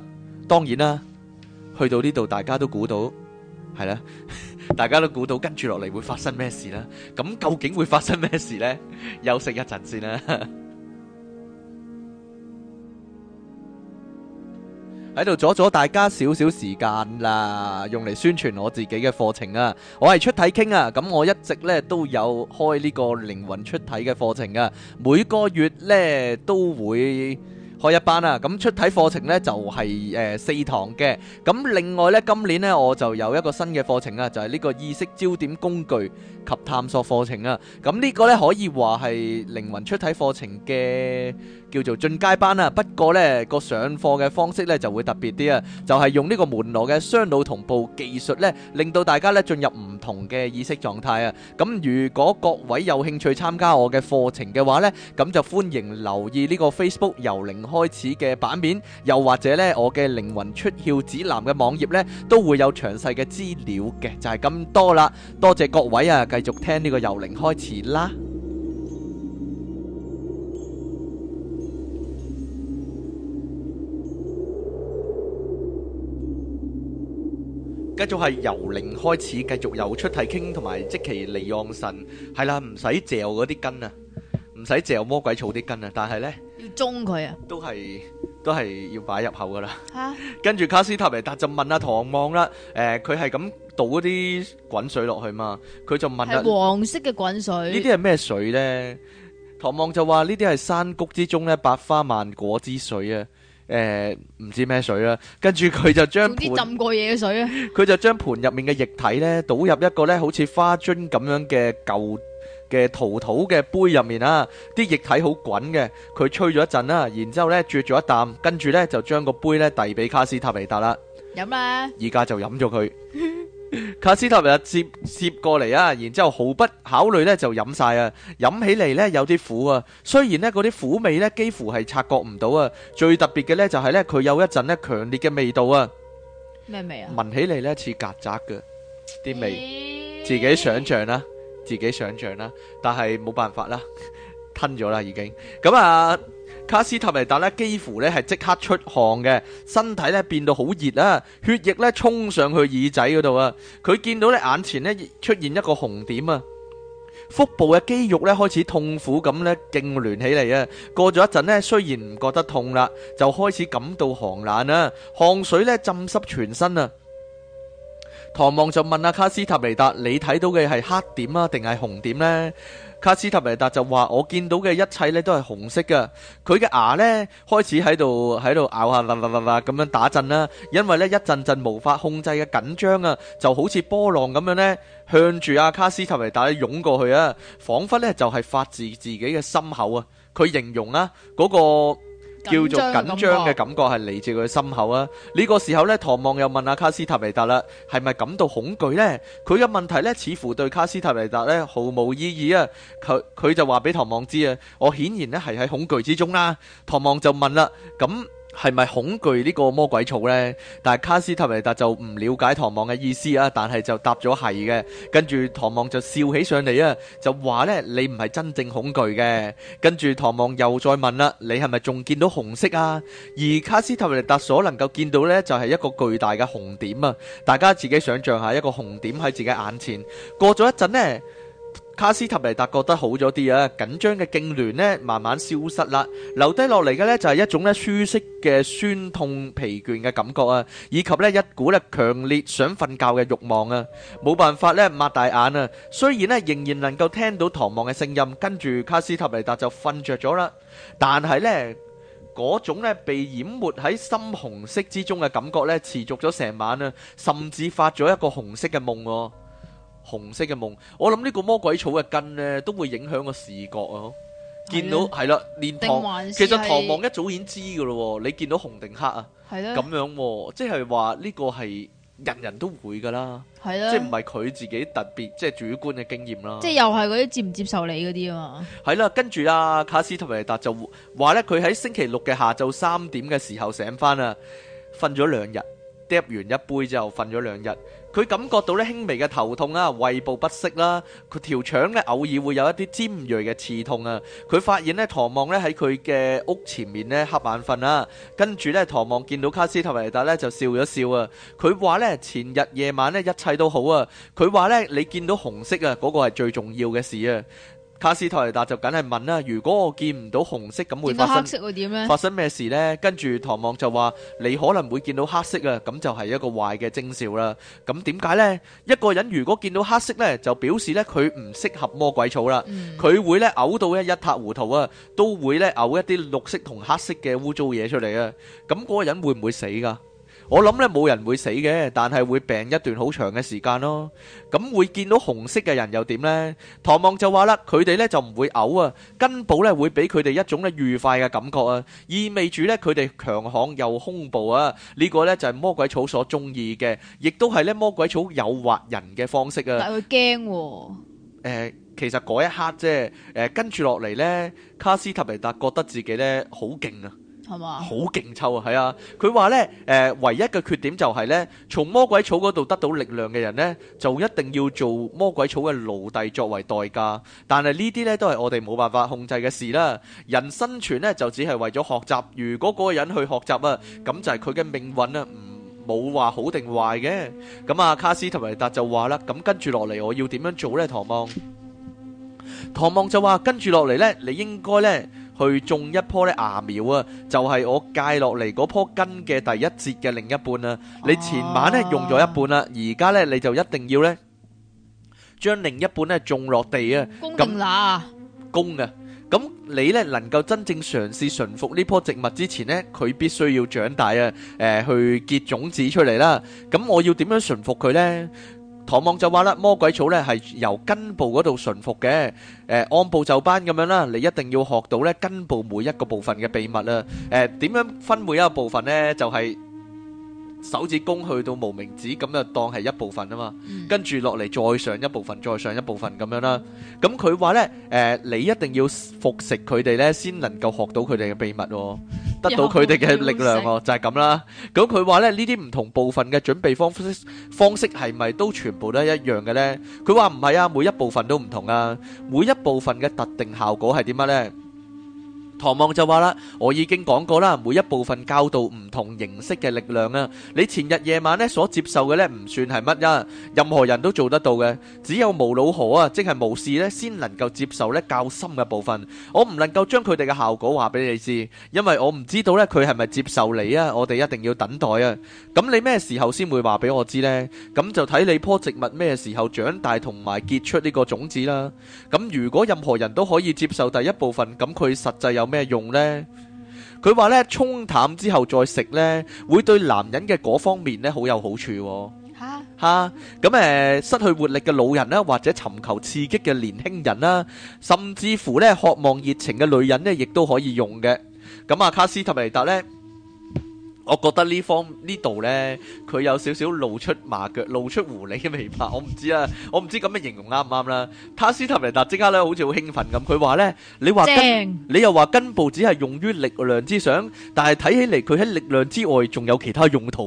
當然啦，去到呢度大家都估到，係啦。大家都估到跟住落嚟會發生咩事啦？咁究竟會發生咩事呢？休息一陣先啦， *laughs* 喺 *noise* 度樂阻咗大家少少時間啦，用嚟宣傳我自己嘅課程啊！我係出體傾啊，咁我一直呢都有開呢個靈魂出體嘅課程啊，每個月呢都會開一班啊！咁出體課程呢就係誒四堂嘅，咁另外呢今年呢我就有一個新嘅課程啊，就係呢個意識焦點工具及探索課程啊。咁呢個呢可以話係靈魂出體課程嘅叫做進階班啊。不過呢個上課嘅方式呢就會特別啲啊，就係用呢個門羅嘅雙腦同步技術呢，令到大家呢進入唔同嘅意識狀態啊。咁如果各位有興趣參加我嘅課程嘅話呢，咁就歡迎留意呢個 Facebook 遊靈開始嘅版面，又或者咧，我嘅靈魂出竅指南嘅網頁咧，都會有詳細嘅資料嘅，就係咁多啦。多謝各位啊，繼續聽呢個由零開始啦。繼續係由零開始，繼續由出題傾同埋即其離岸神，係啦，唔使嚼嗰啲根啊，唔使嚼魔鬼草啲根啊，但係咧。要中佢啊！都係都係要擺入口噶啦。吓，跟住卡斯塔尼達就問阿唐望啦。誒，佢係咁倒嗰啲滾水落去嘛？佢就問係黃色嘅滾水。呢啲係咩水咧？唐望就話呢啲係山谷之中咧百花萬果之水啊。誒，唔知咩水啦。跟住佢就將啲浸過嘢嘅水啊。佢就將盤入面嘅液體咧，倒入一個咧好似花樽咁樣嘅舊嘅桃桃嘅杯入面啊，啲液體好滾嘅，佢吹咗一陣啦，然之後咧啜咗一啖，跟住呢，就將個杯呢遞俾卡斯塔維達啦，飲啦，而家就飲咗佢。卡斯塔維達接接過嚟，啊，然之後毫不考慮呢就飲晒，啊，飲起嚟呢，有啲苦啊，雖然呢，嗰啲苦味呢幾乎係察覺唔到啊，最特別嘅呢，就係呢，佢有一陣呢強烈嘅味道啊，咩味啊？聞起嚟呢，似曱甴嘅啲味，哎、自己想象啦。自己想象啦，但係冇辦法啦，吞咗啦已經。咁啊，卡斯塔尼達咧幾乎咧係即刻出汗嘅，身體咧變到好熱啦，血液咧衝上去耳仔嗰度啊，佢見到咧眼前咧出現一個紅點啊，腹部嘅肌肉咧開始痛苦咁咧痙攣起嚟啊，過咗一陣咧雖然唔覺得痛啦，就開始感到寒冷啦，汗水咧浸濕全身啊。唐望就問阿、啊、卡斯塔尼達：你睇到嘅係黑點啊，定係紅點呢？卡斯塔尼達就話：我見到嘅一切呢都係紅色嘅。佢嘅牙呢，開始喺度喺度咬下，啦啦啦啦咁樣打震啦，因為呢一陣陣無法控制嘅緊張啊，就好似波浪咁樣呢，向住阿、啊、卡斯塔尼達湧過去啊，仿佛呢就係、是、發自自己嘅心口啊。佢形容啊嗰、那個。叫做緊張嘅感覺係嚟自佢心口啊！呢個時候咧，唐望又問阿卡斯塔維達啦，係咪感到恐懼咧？佢嘅問題咧，似乎對卡斯塔維達咧毫無意義啊！佢佢就話俾唐望知啊，我顯然咧係喺恐懼之中啦。唐望就問啦，咁。係咪恐懼呢個魔鬼草呢？但係卡斯泰利達就唔了解唐望嘅意思啊，但係就答咗係嘅。跟住唐望就笑起上嚟啊，就話呢：「你唔係真正恐懼嘅。」跟住唐望又再問啦，你係咪仲見到紅色啊？而卡斯泰利達所能夠見到呢，就係一個巨大嘅紅點啊！大家自己想象下一個紅點喺自己眼前。過咗一陣呢。卡斯塔尼達覺得好咗啲啊，緊張嘅痙攣呢慢慢消失啦，留低落嚟嘅呢就係一種呢舒適嘅酸痛疲倦嘅感覺啊，以及呢一股呢強烈想瞓覺嘅欲望啊，冇辦法呢擘大眼啊，雖然呢仍然能夠聽到唐望嘅聲音，跟住卡斯塔尼達就瞓著咗啦，但係呢嗰種呢被淹沒喺深紅色之中嘅感覺呢持續咗成晚啊，甚至發咗一個紅色嘅夢。紅色嘅夢，我諗呢個魔鬼草嘅根呢都會影響個視覺啊！見到係啦，其實唐望一早已經知噶咯，的你見到紅定黑啊？係啦的，咁樣、啊、即係話呢個係人人都會噶啦，的即係唔係佢自己特別即係主觀嘅經驗啦。即係又係嗰啲接唔接受你嗰啲啊？嘛係啦，跟住阿、啊、卡斯特維達就話呢，佢喺星期六嘅下晝三點嘅時候醒翻啊，瞓咗兩日，嗒完一杯之後瞓咗兩日。佢感覺到咧輕微嘅頭痛啊，胃部不適啦，佢條腸咧偶爾會有一啲尖鋭嘅刺痛啊。佢發現咧，唐望咧喺佢嘅屋前面咧瞌眼瞓啦。跟住咧，唐望見到卡斯特維達咧就笑咗笑啊。佢話咧，前日夜晚咧一切都好啊。佢話咧，你見到紅色啊，嗰個係最重要嘅事啊。卡斯托尼達就梗係問啦，如果我見唔到紅色咁會發生會點樣呢，發生咩事呢？跟住唐望就話：你可能會見到黑色啊，咁就係一個壞嘅徵兆啦。咁點解呢？一個人如果見到黑色呢，就表示呢，佢唔適合魔鬼草啦。佢、嗯、會咧嘔到一塌糊塗啊，都會咧嘔一啲綠色同黑色嘅污糟嘢出嚟啊。咁嗰個人會唔會死噶？我諗咧冇人會死嘅，但係會病一段好長嘅時間咯。咁會見到紅色嘅人又點咧？唐望就話啦，佢哋咧就唔會嘔啊，根部咧會俾佢哋一種咧愉快嘅感覺啊，意味住咧佢哋強悍又恐怖啊。呢個咧就係魔鬼草所中意嘅，亦都係咧魔鬼草誘惑人嘅方式啊。但係佢驚。誒，其實嗰一刻啫誒，跟住落嚟咧，卡斯提尼達覺得自己咧好勁啊。好勁抽啊！係啊！佢話呢，誒、呃，唯一嘅缺點就係、是、呢，從魔鬼草嗰度得到力量嘅人呢，就一定要做魔鬼草嘅奴隸作為代價。但係呢啲呢，都係我哋冇辦法控制嘅事啦。人生存呢，就只係為咗學習。如果嗰個人去學習啊，咁就係佢嘅命運啊，唔冇話好定壞嘅。咁啊，卡斯同維達就話啦，咁、啊、跟住落嚟，我要點樣做呢？」唐望，唐望就話跟住落嚟呢，你應該呢。」去種一棵咧芽苗啊，就係我割落嚟嗰棵根嘅第一節嘅另一半啦。你前晚咧用咗一半啦，而家咧你就一定要咧將另一半咧種落地啊。公定乸？公嘅。咁你咧能夠真正嘗試馴服呢棵植物之前咧，佢必須要長大啊。誒，去結種子出嚟啦。咁我要點樣馴服佢咧？唐望就話啦，魔鬼草咧係由根部嗰度馴服嘅，誒、呃、按部就班咁樣啦，你一定要學到咧根部每一個部分嘅秘密啦，誒、呃、點樣分每一個部分呢？就係、是。手指公去到無名指咁就當係一部分啊嘛，跟住落嚟，再上一部分，再上一部分咁樣啦。咁佢話呢，誒、呃，你一定要服食佢哋呢，先能夠學到佢哋嘅秘密，哦，得到佢哋嘅力量， *laughs* 就係咁啦。咁佢話呢，呢啲唔同部分嘅準備方式，方式係咪都全部都一樣嘅呢？佢話唔係啊，每一部分都唔同啊，每一部分嘅特定效果係點乜呢？唐望就話啦：我已經講過啦，每一部分教導唔同形式嘅力量啊！你前日夜晚咧所接受嘅咧唔算係乜呀，任何人都做得到嘅，只有無老何啊，即係無事咧先能夠接受咧較深嘅部分。我唔能夠將佢哋嘅效果話俾你知，因為我唔知道咧佢係咪接受你啊！我哋一定要等待啊！咁你咩時候先會話俾我知咧？咁就睇你棵植物咩時候長大同埋結出呢個種子啦。咁如果任何人都可以接受第一部分，咁佢實際有？有咩用咧？佢話呢，沖淡之後再食呢，會對男人嘅嗰方面呢好有好處、啊。吓咁誒失去活力嘅老人啦、啊，或者尋求刺激嘅年輕人啦、啊，甚至乎呢渴望熱情嘅女人呢，亦都可以用嘅。咁啊，卡斯特維達呢。我覺得方呢方呢度咧，佢有少少露出馬腳、露出狐狸嘅尾巴。我唔知啊，我唔知咁嘅形容啱唔啱啦。卡斯塔尼達即刻咧，好似好興奮咁。佢話呢，你話根，正你又話根部只係用於力量之上，但係睇起嚟佢喺力量之外仲有其他用途。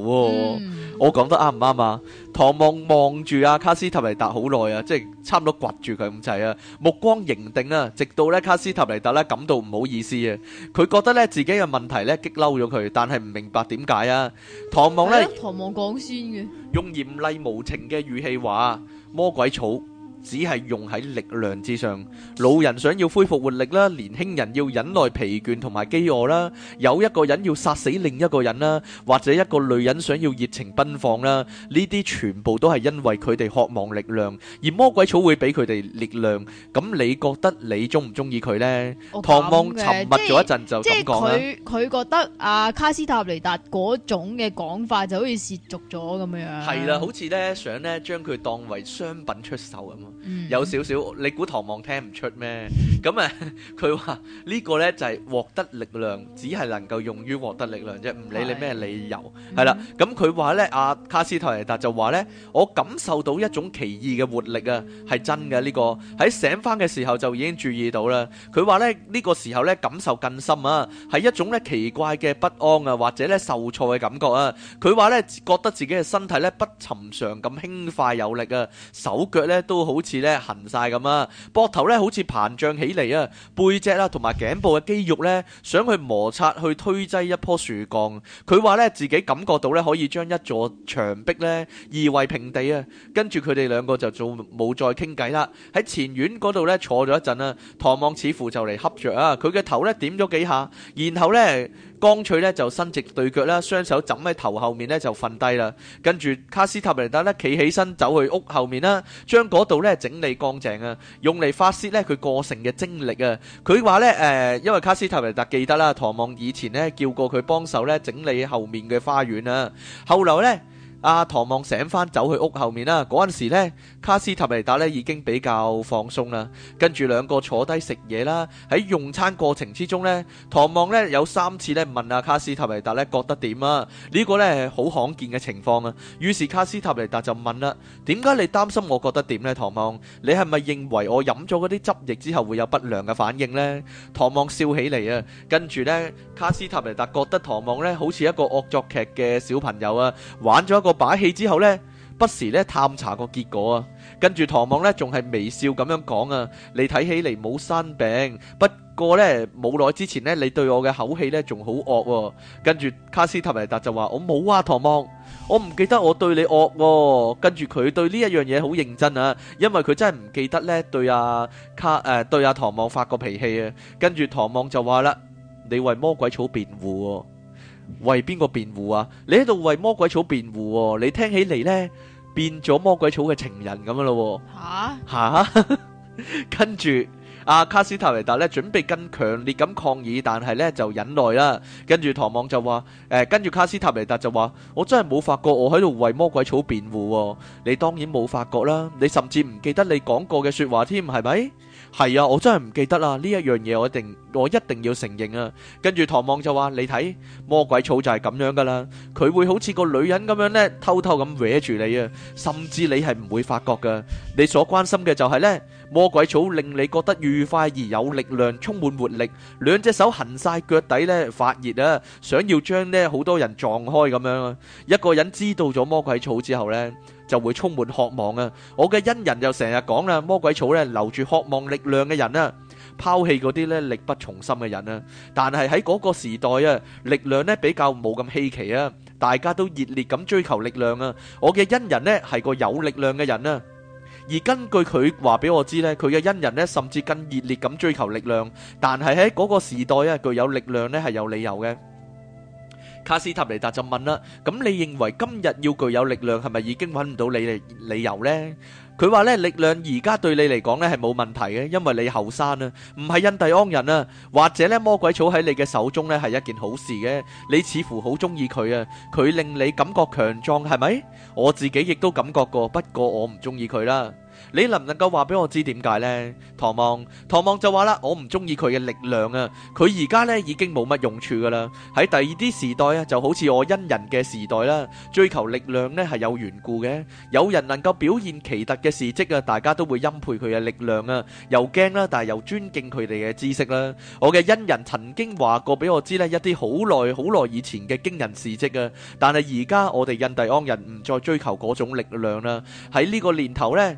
我講得啱唔啱啊？嗯唐望望住阿、啊、卡斯塔尼達好耐啊，即係差唔多掘住佢咁滯啊，目光凝定啊，直到咧卡斯塔尼達咧感到唔好意思啊，佢覺得咧自己嘅問題咧激嬲咗佢，但係唔明白點解啊。唐望咧，唐、哎、望講先嘅，用嚴厲無情嘅語氣話：魔鬼草。只係用喺力量之上。老人想要恢復活力啦，年輕人要忍耐疲倦同埋飢餓啦，有一個人要殺死另一個人啦，或者一個女人想要熱情奔放啦，呢啲全部都係因為佢哋渴望力量，而魔鬼草會俾佢哋力量。咁你覺得你鍾唔鍾意佢咧？唐望沉默咗一陣就咁講啦。即係佢佢覺得啊，卡斯塔尼達嗰種嘅講法就好似涉俗咗咁樣。係啦，好似咧想咧將佢當為商品出售咁咯。有少少，你估唐望聽唔出咩？咁啊，佢話呢個咧就係獲得力量，只係能夠用於獲得力量啫，唔理你咩理由。係啦，咁佢話咧阿卡斯塔尼達就話咧，我感受到一種奇異嘅活力啊，係真嘅呢個。喺醒返嘅時候就已經注意到啦。佢話咧呢個時候咧感受更深啊，係一種咧奇怪嘅不安啊，或者咧受挫嘅感覺啊。佢話咧覺得自己嘅身體咧不尋常咁輕快有力啊，手腳咧都好似。咧行晒咁啊，膊頭咧好似膨脹起嚟啊，背脊啦同埋頸部嘅肌肉咧，想去摩擦去推擠一棵樹幹。佢話咧自己感覺到咧可以將一座牆壁咧夷為平地啊。跟住佢哋兩個就做冇再傾偈啦。喺前院嗰度咧坐咗一陣啊，唐望似乎就嚟恰着啊。佢嘅頭咧點咗幾下，然後咧。乾脆咧就伸直對腳啦，雙手枕喺頭後面咧就瞓低啦。跟住卡斯塔維達咧企起身走去屋後面啦，將嗰度咧整理乾淨啊，用嚟發洩咧佢過剩嘅精力啊。佢話咧誒，因為卡斯塔維達記得啦，唐望以前咧叫過佢幫手咧整理後面嘅花園啊。後來咧。阿唐望醒返走去屋後面啦，嗰陣時呢，卡斯塔尼達呢已經比較放鬆啦，跟住兩個坐低食嘢啦，喺用餐過程之中呢，唐望呢有三次呢問阿卡斯塔尼達呢覺得點啊？呢個呢好罕見嘅情況啊！於是卡斯塔尼達就問啦：點解你擔心我覺得點呢？唐望，你係咪認為我飲咗嗰啲汁液之後會有不良嘅反應呢？唐望笑起嚟，啊，跟住呢，卡斯塔尼達覺得唐望呢好似一個惡作劇嘅小朋友啊，玩咗一個。個把戲之後呢，不時咧，探查個結果啊。跟住唐望呢，仲係微笑咁樣講啊。你睇起嚟冇生病，不過呢，冇耐之前呢，你對我嘅口氣呢仲好惡。跟住卡斯塔維達就話：我冇啊，唐望，我唔記得我對你惡。跟住佢對呢一樣嘢好認真啊，因為佢真係唔記得呢對阿、啊、卡誒、啊、對阿、啊、唐望發過脾氣啊。跟住唐望就話啦：你為魔鬼草辯護。為邊個辯護啊？你喺度為魔鬼草辯護、啊，你聽起嚟呢，變咗魔鬼草嘅情人咁樣咯？吓吓哈， *laughs* 跟住阿、啊、卡斯塔維達呢，準備更強烈咁抗議，但係呢，就忍耐啦。跟住唐望就話，誒、啊、跟住卡斯塔維達就話，我真係冇發覺我喺度為魔鬼草辯護、啊，你當然冇發覺啦，你甚至唔記得你講過嘅說話添，係咪？係啊，我真係唔記得啦，呢一樣嘢我定我一定要承認啊。跟住唐望就話：你睇，魔鬼草就係咁樣噶啦，佢會好似個女人咁樣呢，偷偷咁搲住你啊，甚至你係唔會發覺噶。你所關心嘅就係呢。魔鬼草令你覺得愉快而有力量，充滿活力，兩隻手行晒腳底咧發熱啊！想要將呢好多人撞開咁樣啊！一個人知道咗魔鬼草之後咧，就會充滿渴望啊！我嘅恩人又成日講啦，魔鬼草咧留住渴望力量嘅人啊，拋棄嗰啲咧力不從心嘅人啊！但係喺嗰個時代啊，力量咧比較冇咁稀奇啊，大家都熱烈咁追求力量啊！我嘅恩人咧係個有力量嘅人啊！而根據佢話俾我知咧，佢嘅恩人咧，甚至更熱烈咁追求力量。但係喺嗰個時代咧，具有力量咧係有理由嘅。卡斯塔尼達就問啦：咁你認為今日要具有力量係咪已經揾唔到你嘅理由咧？佢話咧，力量而家對你嚟講咧係冇問題嘅，因為你後生啊，唔係印第安人啊，或者咧魔鬼草喺你嘅手中咧係一件好事嘅。你似乎好中意佢啊，佢令你感覺強壯係咪？我自己亦都感覺過，不過我唔中意佢啦。你能唔能夠話俾我知點解呢？唐望，唐望就話啦，我唔中意佢嘅力量啊！佢而家咧已經冇乜用處噶啦。喺第二啲時代啊，就好似我恩人嘅時代啦，追求力量咧係有緣故嘅。有人能夠表現奇特嘅事跡啊，大家都會欽佩佢嘅力量啊，又驚啦，但係又尊敬佢哋嘅知識啦。我嘅恩人曾經話過俾我知咧，一啲好耐好耐以前嘅驚人事跡啊，但係而家我哋印第安人唔再追求嗰種力量啦。喺呢個年頭呢。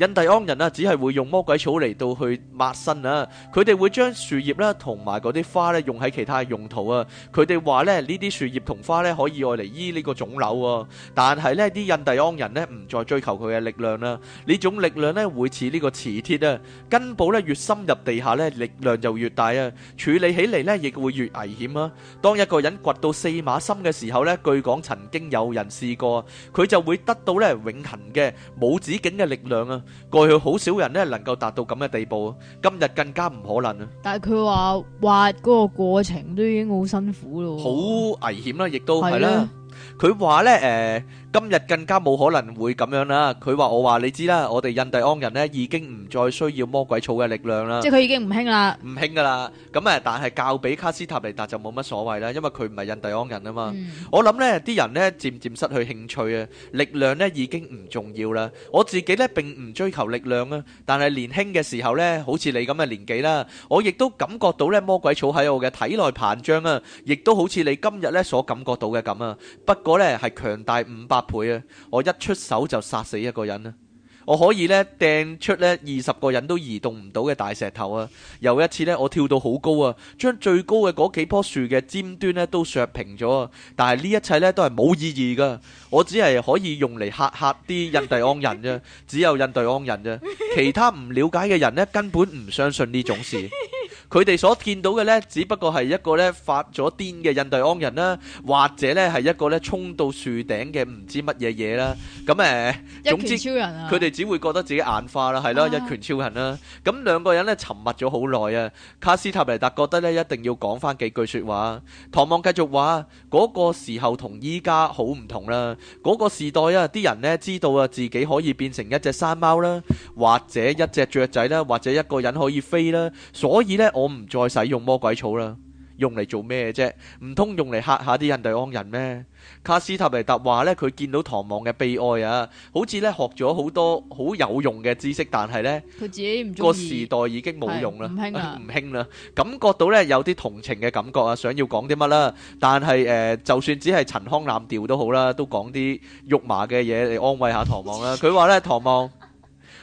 印第安人啊，只係會用魔鬼草嚟到去抹身啊！佢哋會將樹葉啦同埋嗰啲花咧用喺其他用途啊！佢哋話咧呢啲樹葉同花咧可以愛嚟醫呢個腫瘤喎。但係呢啲印第安人咧唔再追求佢嘅力量啦。呢種力量咧會似呢個磁鐵啊，根部咧越深入地下咧，力量就越大啊！處理起嚟咧亦會越危險啊！當一個人掘到四碼深嘅時候咧，據講曾經有人試過，佢就會得到咧永恆嘅冇止境嘅力量啊！過去好少人咧能夠達到咁嘅地步，今日更加唔可能啦。但係佢話挖嗰個過程都已經好辛苦咯，好危險啦、啊，亦都係啦。佢話咧，誒。呃今日更加冇可能會咁樣啦！佢話我話你知啦，我哋印第安人呢已經唔再需要魔鬼草嘅力量啦。即係佢已經唔興啦，唔興㗎喇。咁誒，但係教俾卡斯塔尼達就冇乜所謂啦，因為佢唔係印第安人啊嘛。我諗呢，啲人呢漸漸失去興趣啊，力量呢已經唔重要啦。我自己呢並唔追求力量啊，但係年輕嘅時候呢，好似你咁嘅年紀啦，我亦都感覺到呢魔鬼草喺我嘅體內膨脹啊，亦都好似你今日呢所感覺到嘅咁啊。不過呢係強大五百倍啊！我一出手就殺死一個人啊！我可以呢掟出呢二十個人都移動唔到嘅大石頭啊！有一次呢我跳到好高啊，將最高嘅嗰幾棵樹嘅尖端呢都削平咗啊！但係呢一切呢都係冇意義噶，我只係可以用嚟吓吓啲印第安人啫，只有印第安人啫，其他唔了解嘅人呢根本唔相信呢種事。佢哋所見到嘅呢，只不過係一個呢發咗癲嘅印第安人啦，或者呢係一個呢衝到樹頂嘅唔知乜嘢嘢啦。咁、嗯、誒，總之佢哋、啊、只會覺得自己眼花啦，係咯，一拳超人啦。咁、啊、兩個人呢沉默咗好耐啊。卡斯塔尼達覺得呢一定要講翻幾句説話。唐望繼續話：嗰、那個時候同依家好唔同啦。嗰、那個時代啊，啲人呢知道啊自己可以變成一隻山貓啦，或者一隻雀仔啦，或者一個人可以飛啦。所以呢。我唔再使用魔鬼草啦，用嚟做咩啫？唔通用嚟嚇下啲印第安人咩？卡斯塔尼達話咧，佢見到唐望嘅悲哀啊，好似咧學咗好多好有用嘅知識，但係咧，佢自己唔個時代已經冇用啦，唔興啦，感覺到咧有啲同情嘅感覺啊，想要講啲乜啦，但係誒，就算只係陳腔濫調都好啦，都講啲肉麻嘅嘢嚟安慰下唐望啦。佢話咧，唐望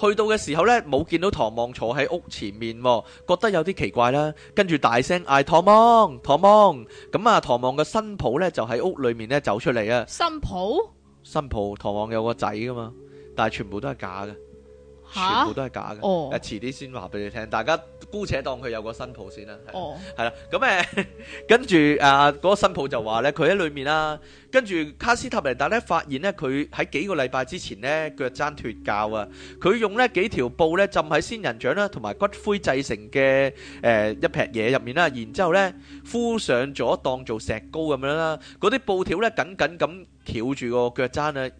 去到嘅時候呢，冇見到唐望坐喺屋前面，覺得有啲奇怪啦，跟住大聲嗌，唐望，唐望，咁啊，唐望嘅新抱呢，就喺屋裏面呢走出嚟啊，新抱？新抱，唐望有個仔噶嘛，但係全部都係假嘅。全部都係假嘅，誒遲啲先話俾你聽，大家姑且當佢有個新抱先啦。哦，係啦，咁誒跟住啊嗰個新抱就話呢，佢喺裏面啦，跟住卡斯塔尼達呢，發現呢，佢喺幾個禮拜之前呢，腳踭脫臼啊，佢用呢幾條布呢，浸喺仙人掌啦同埋骨灰製成嘅誒一劈嘢入面啦，然之後呢，敷上咗當做石膏咁樣啦，嗰啲布條呢，緊緊咁翹住個腳踭啊。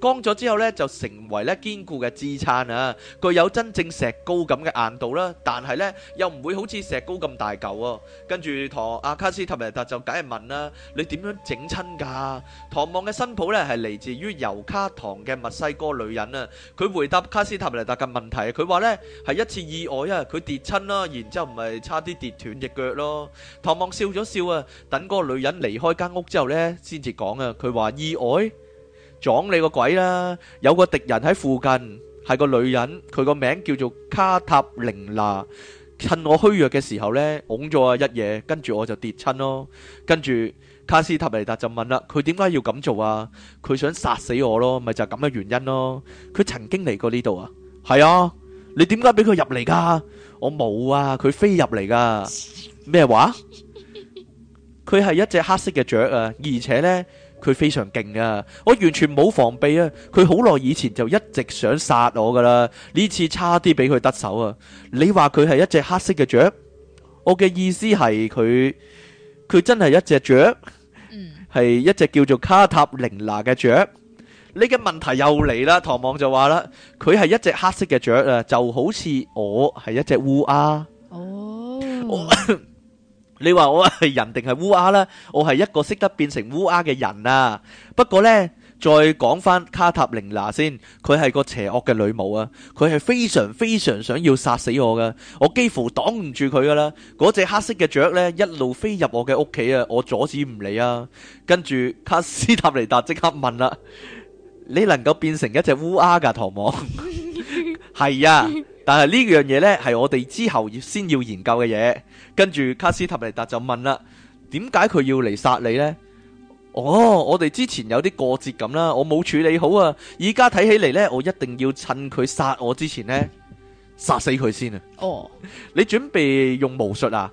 乾咗之後呢，就成為呢堅固嘅支撐啊！具有真正石膏咁嘅硬度啦，但係呢，又唔會好似石膏咁大嚿啊。跟住唐阿卡斯塔尼達就梗係問啦，你點樣整親噶？唐望嘅新抱呢係嚟自於尤卡堂嘅墨西哥女人啊！佢回答卡斯塔尼達嘅問題，佢話呢係一次意外啊！佢跌親啦，然之後唔係差啲跌斷隻腳咯。唐望笑咗笑啊，等嗰個女人離開間屋之後呢，先至講啊，佢話意外。撞你個鬼啦、啊！有個敵人喺附近，係個女人，佢個名叫做卡塔玲娜。趁我虛弱嘅時候呢，㧬咗我一嘢，跟住我就跌親咯。跟住卡斯塔尼達就問啦，佢點解要咁做啊？佢想殺死我咯，咪就咁、是、嘅原因咯。佢曾經嚟過呢度啊？係啊，你點解俾佢入嚟噶？我冇啊，佢飛入嚟噶。咩話？佢係一隻黑色嘅雀啊，而且呢。佢非常勁啊！我完全冇防備啊！佢好耐以前就一直想殺我噶啦，呢次差啲俾佢得手啊！你話佢係一隻黑色嘅雀？我嘅意思係佢，佢真係一隻雀，係一隻叫做卡塔靈娜嘅雀。你嘅問題又嚟啦，唐望就話啦，佢係一隻黑色嘅雀啊，就好似我係一隻烏鴉哦。 *laughs* 你話我係人定係烏鴉啦？我係一個識得變成烏鴉嘅人啊！不過呢，再講翻卡塔琳娜先，佢係個邪惡嘅女巫啊！佢係非常非常想要殺死我噶，我幾乎擋唔住佢噶啦。嗰隻黑色嘅雀呢，一路飛入我嘅屋企啊！我阻止唔嚟啊！跟住卡斯塔尼達即刻問啦、啊：你能夠變成一隻烏鴉噶，唐望？係 *laughs* 啊。但係呢樣嘢呢，係、啊、我哋之後要先要研究嘅嘢。跟住卡斯塔尼達就問啦：點解佢要嚟殺你呢？哦，我哋之前有啲過節咁啦，我冇處理好啊。依家睇起嚟呢，我一定要趁佢殺我之前呢，殺死佢先啊！哦，oh. *laughs* 你準備用巫術啊？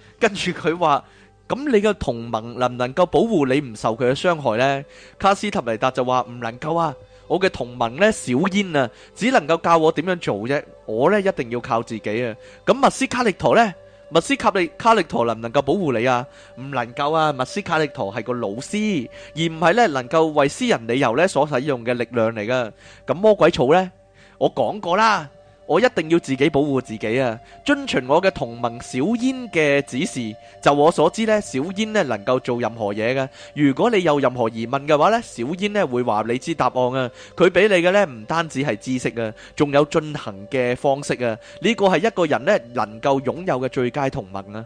跟住佢話，咁你嘅同盟能唔能夠保護你唔受佢嘅傷害呢？卡斯特尼達就話唔能夠啊，我嘅同盟呢，小煙啊，只能夠教我點樣做啫，我呢一定要靠自己啊。咁密斯卡力陀呢，密斯卡力卡力陀能唔能夠保護你啊？唔能夠啊，密斯卡力陀係個老師，而唔係呢，能夠為私人理由呢所使用嘅力量嚟噶。咁魔鬼草呢，我講過啦。我一定要自己保護自己啊！遵循我嘅同盟小煙嘅指示。就我所知呢，小煙呢能夠做任何嘢嘅。如果你有任何疑問嘅話呢，小煙呢會話你知答案啊！佢俾你嘅呢唔單止係知識啊，仲有進行嘅方式啊！呢個係一個人呢能夠擁有嘅最佳同盟啊！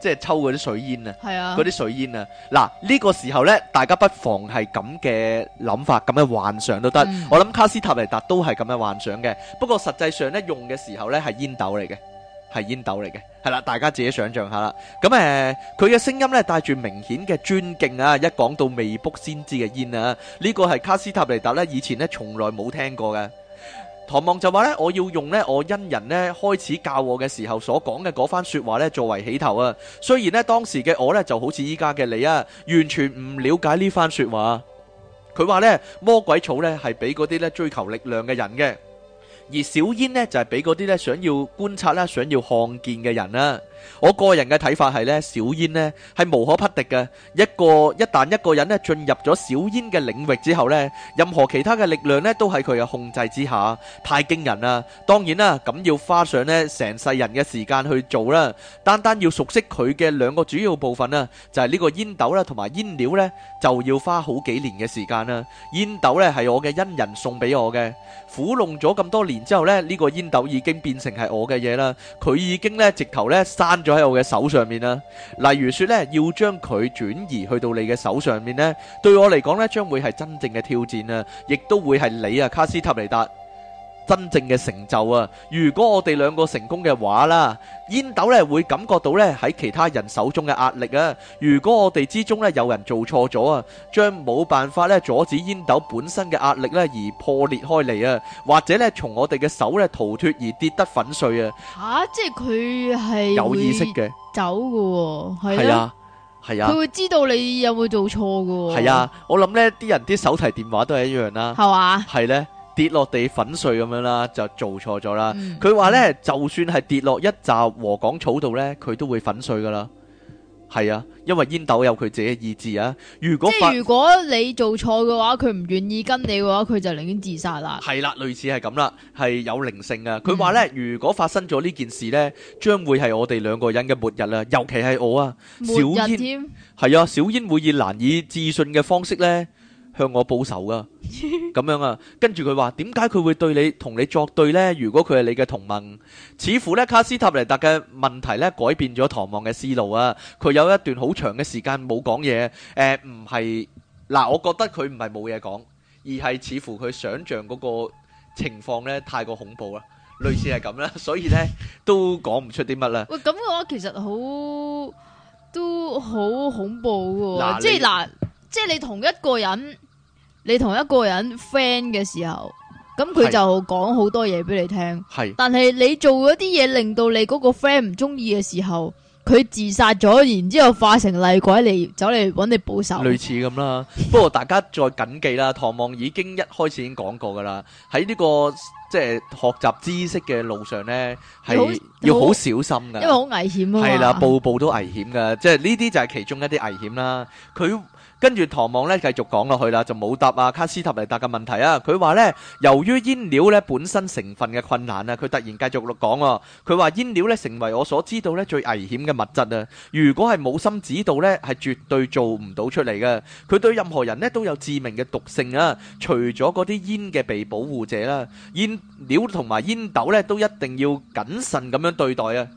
即係抽嗰啲水煙啊，嗰啲 *noise* 水煙啊。嗱呢、個時候呢，大家不妨係咁嘅諗法，咁嘅幻想都得。嗯、我諗卡斯塔尼達都係咁嘅幻想嘅。不過實際上呢，用嘅時候呢係煙斗嚟嘅，係煙斗嚟嘅，係啦，大家自己想象下啦。咁、嗯、誒，佢、呃、嘅聲音呢，帶住明顯嘅尊敬啊，一講到未卜先知嘅煙啊，呢、個係卡斯塔尼達呢以前呢從來冇聽過嘅。唐望就話咧，我要用咧我恩人咧開始教我嘅時候所講嘅嗰番說話咧作為起頭啊。雖然咧當時嘅我咧就好似依家嘅你啊，完全唔了解呢番說話。佢話咧，魔鬼草咧係俾嗰啲咧追求力量嘅人嘅，而小煙咧就係俾嗰啲咧想要觀察咧、想要看見嘅人啊。我個人嘅睇法係呢，小煙呢，係無可匹敵嘅。一個一旦一個人咧進入咗小煙嘅領域之後呢，任何其他嘅力量呢，都喺佢嘅控制之下，太驚人啦。當然啦，咁要花上呢成世人嘅時間去做啦。單單要熟悉佢嘅兩個主要部分啦，就係呢個煙斗啦同埋煙料呢，就要花好幾年嘅時間啦。煙斗呢，係我嘅恩人送俾我嘅，苦弄咗咁多年之後呢，呢個煙斗已經變成係我嘅嘢啦。佢已經呢，直頭呢……翻咗喺我嘅手上面啦，例如說咧，要將佢轉移去到你嘅手上面咧，對我嚟講咧，將會係真正嘅挑戰啊，亦都會係你啊，卡斯塔尼達。真正嘅成就啊！如果我哋兩個成功嘅話啦，煙斗咧會感覺到咧喺其他人手中嘅壓力啊！如果我哋之中咧有人做錯咗啊，將冇辦法咧阻止煙斗本身嘅壓力咧而破裂開嚟啊，或者咧從我哋嘅手咧逃脫而跌得粉碎啊！吓，即係佢係有意識嘅走㗎，係啊，係啊，佢會知道你有冇做錯㗎。係啊，我諗呢啲人啲手提電話都係一樣啦，係嘛，係咧。跌落地粉碎咁樣啦，就做錯咗啦。佢話、嗯、呢，就算係跌落一紮禾港草度呢，佢都會粉碎噶啦。係啊，因為煙斗有佢自己意志啊。如果即係如果你做錯嘅話，佢唔願意跟你嘅話，佢就寧願自殺啦。係啦、啊，類似係咁啦，係有靈性啊。佢話、嗯、呢，如果發生咗呢件事呢，將會係我哋兩個人嘅末日啦，尤其係我啊，小煙係啊，小煙會以難以置信嘅方式呢。向我報仇噶咁樣啊，跟住佢話，點解佢會對你同你作對咧？如果佢係你嘅同盟，似乎咧卡斯塔尼達嘅問題咧改變咗唐望嘅思路啊。佢有一段好長嘅時間冇講嘢，誒唔係嗱，我覺得佢唔係冇嘢講，而係似乎佢想象嗰個情況咧太過恐怖啦，類似係咁啦，所以咧都講唔出啲乜啦。喂，咁嘅話其實好都好恐怖嘅，即係嗱，即係你同一個人。你同一個人 friend 嘅時候，咁佢就講好多嘢俾你聽。係是，但係你做咗啲嘢令到你嗰個 friend 唔中意嘅時候，佢自殺咗，然之後化成厲鬼嚟走嚟揾你報仇。類似咁啦， *laughs* 不過大家再緊記啦。唐望已經一開始已經講過噶啦，喺呢個即係學習知識嘅路上呢，係要好很小心噶，因為好危險啊。係啦，步步都危險噶，即係呢啲就係其中一啲危險啦。佢。跟住唐望咧，繼續講落去啦，就冇答啊卡斯塔尼達嘅問題啊。佢話咧，由於煙料咧本身成分嘅困難啊，佢突然繼續講喎。佢話煙料咧成為我所知道咧最危險嘅物質啊。如果係冇心指導咧，係絕對做唔到出嚟嘅。佢對任何人咧都有致命嘅毒性啊。除咗嗰啲煙嘅被保護者啦，煙料同埋煙斗咧都一定要謹慎咁樣對待啊。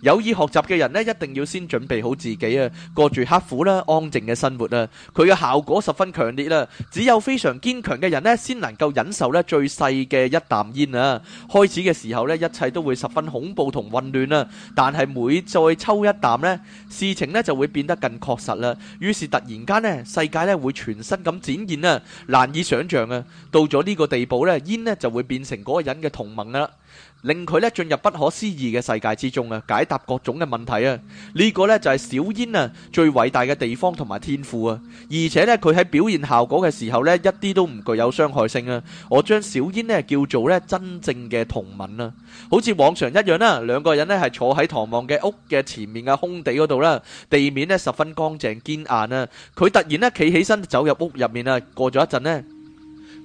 有意學習嘅人呢，一定要先準備好自己啊，過住刻苦啦、安靜嘅生活啦。佢嘅效果十分強烈啦，只有非常堅強嘅人呢，先能夠忍受咧最細嘅一啖煙啊。開始嘅時候呢，一切都會十分恐怖同混亂啦。但係每再抽一啖咧，事情呢就會變得更確實啦。於是突然間呢，世界呢會全新咁展現啦，難以想象啊。到咗呢個地步咧，煙呢就會變成嗰個人嘅同盟啦。令佢咧進入不可思議嘅世界之中啊，解答各種嘅問題啊，呢、呢個呢，就係小煙啊最偉大嘅地方同埋天賦啊，而且呢，佢喺表現效果嘅時候呢，一啲都唔具有傷害性啊，我將小煙咧叫做咧真正嘅同盟啊，好似往常一樣啦，兩個人呢，係坐喺唐望嘅屋嘅前面嘅空地嗰度啦，地面呢，十分乾淨堅硬啊，佢突然咧企起身走入屋入面啊，過咗一陣呢，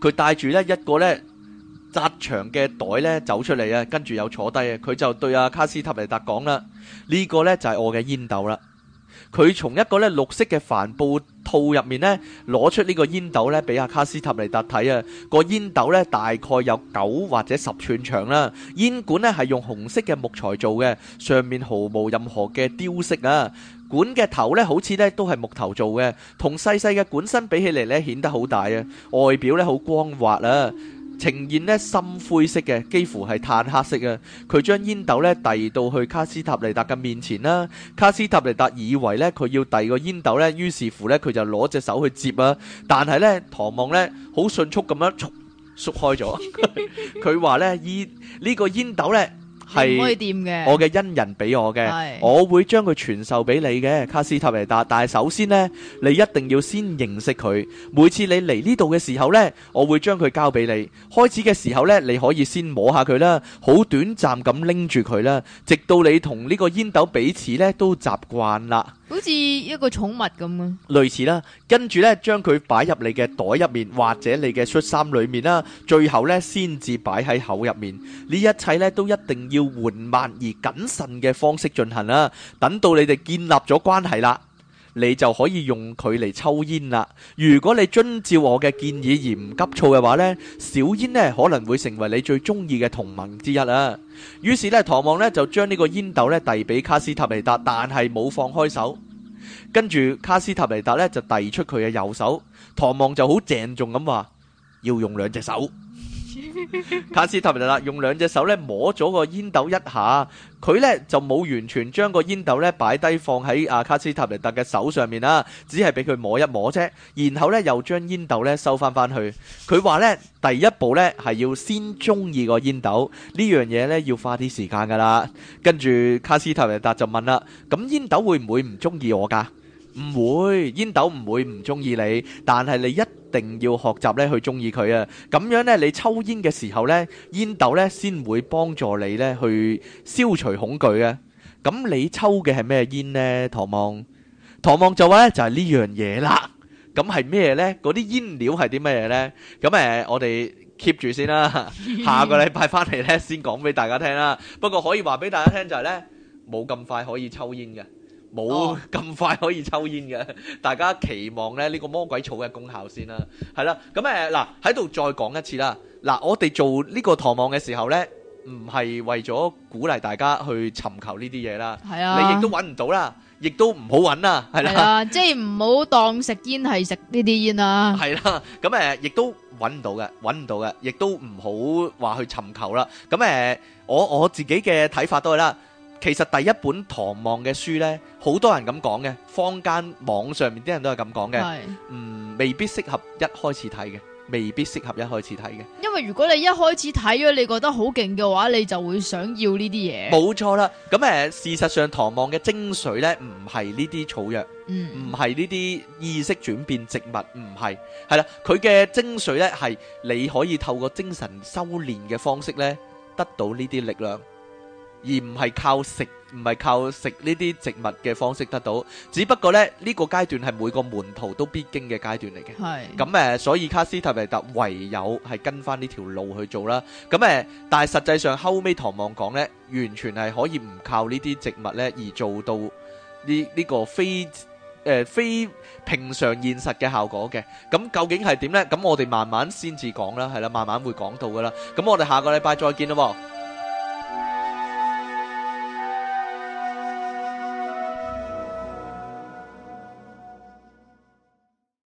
佢帶住呢一個呢。扎長嘅袋咧走出嚟啊，跟住又坐低啊，佢就對阿卡斯塔尼達講啦：呢、呢個呢，就係我嘅煙斗啦。佢從一個咧綠色嘅帆布套入面呢，攞出呢個煙斗咧，俾阿卡斯塔尼達睇啊。個煙斗呢，大概有九或者十寸長啦，煙管呢，係用紅色嘅木材做嘅，上面毫無任何嘅雕飾啊。管嘅頭呢，好似咧都係木頭做嘅，同細細嘅管身比起嚟呢，顯得好大啊，外表呢，好光滑啊。呈現呢深灰色嘅，幾乎係炭黑色嘅。佢將煙斗呢遞到去卡斯塔尼達嘅面前啦，卡斯塔尼達以為呢，佢要遞個煙斗呢，於是乎呢，佢就攞隻手去接啊，但係呢，唐望呢，好迅速咁樣縮縮開咗，佢 *laughs* 話呢，以呢個煙斗呢，係我嘅恩人俾我嘅，是我會將佢傳授俾你嘅卡斯塔維達。但係首先呢，你一定要先認識佢。每次你嚟呢度嘅時候呢，我會將佢交俾你。開始嘅時候呢，你可以先摸下佢啦，好短暫咁拎住佢啦，直到你同呢個煙斗彼此呢都習慣啦。好似一個寵物咁啊，類似啦，跟住咧將佢擺入你嘅袋入面或者你嘅恤衫裏面啦，最後咧先至擺喺口入面。呢一切咧都一定要緩慢而謹慎嘅方式進行啦。等到你哋建立咗關係啦。你就可以用佢嚟抽煙啦。如果你遵照我嘅建議而唔急躁嘅話呢，小煙咧可能會成為你最中意嘅同盟之一啦。於是呢，唐望呢就將呢個煙斗呢遞俾卡斯塔尼達，但係冇放開手。跟住卡斯塔尼達呢就遞出佢嘅右手，唐望就好鄭重咁話要用兩隻手。卡斯塔尼達用兩隻手咧摸咗個煙斗一下，佢咧就冇完全將個煙斗咧擺低放喺阿卡斯塔尼達嘅手上面啦，只係俾佢摸一摸啫。然後咧又將煙斗咧收翻翻去。佢話咧第一步咧係要先中意個煙斗呢樣嘢咧，要花啲時間噶啦。跟住卡斯塔尼達就問啦：咁煙斗會唔會唔中意我噶？唔會，煙斗唔會唔中意你，但係你一定要學習咧去中意佢啊！咁樣咧，你抽煙嘅時候咧，煙斗咧先會幫助你咧去消除恐懼啊。咁你抽嘅係咩煙咧？唐望，唐望就話咧就係呢樣嘢啦。咁係咩咧？嗰啲煙料係啲咩嘢咧？咁誒，我哋 keep 住先啦，下個禮拜翻嚟咧先講俾大家聽啦。不過可以話俾大家聽就係咧，冇咁快可以抽煙嘅。冇咁快可以抽煙嘅，大家期望咧呢個魔鬼草嘅功效先啦，係啦，咁誒嗱喺度再講一次啦，嗱我哋做呢個唐望嘅時候咧，唔係為咗鼓勵大家去尋求呢啲嘢啦，係啊，你亦都揾唔到啦，亦都唔好揾啦，係啦，即係唔好當食煙係食呢啲煙啊，係啦，咁誒亦都揾唔到嘅，揾唔到嘅，亦都唔好話去尋求啦，咁誒我我自己嘅睇法都係啦。其實第一本《唐望》嘅書咧，好多人咁講嘅，坊間網上面啲人都係咁講嘅，嗯，未必適合一開始睇嘅，未必適合一開始睇嘅。因為如果你一開始睇咗，你覺得好勁嘅話，你就會想要呢啲嘢。冇錯啦，咁誒，事實上《唐望》嘅精髓咧，唔係呢啲草藥，嗯，唔係呢啲意識轉變植物，唔係，係啦，佢嘅精髓咧，係你可以透過精神修煉嘅方式咧，得到呢啲力量。而唔係靠食，唔係靠食呢啲植物嘅方式得到。只不過咧，呢、這個階段係每個門徒都必經嘅階段嚟嘅。係是。咁誒、嗯，所以卡斯特維特唯有係跟翻呢條路去做啦。咁、嗯、誒，但係實際上後尾唐望講呢，完全係可以唔靠呢啲植物呢而做到呢呢、這個非誒、呃、非平常現實嘅效果嘅。咁、嗯、究竟係點呢？咁、嗯、我哋慢慢先至講啦，係啦，慢慢會講到噶啦。咁、嗯、我哋下個禮拜再見啦。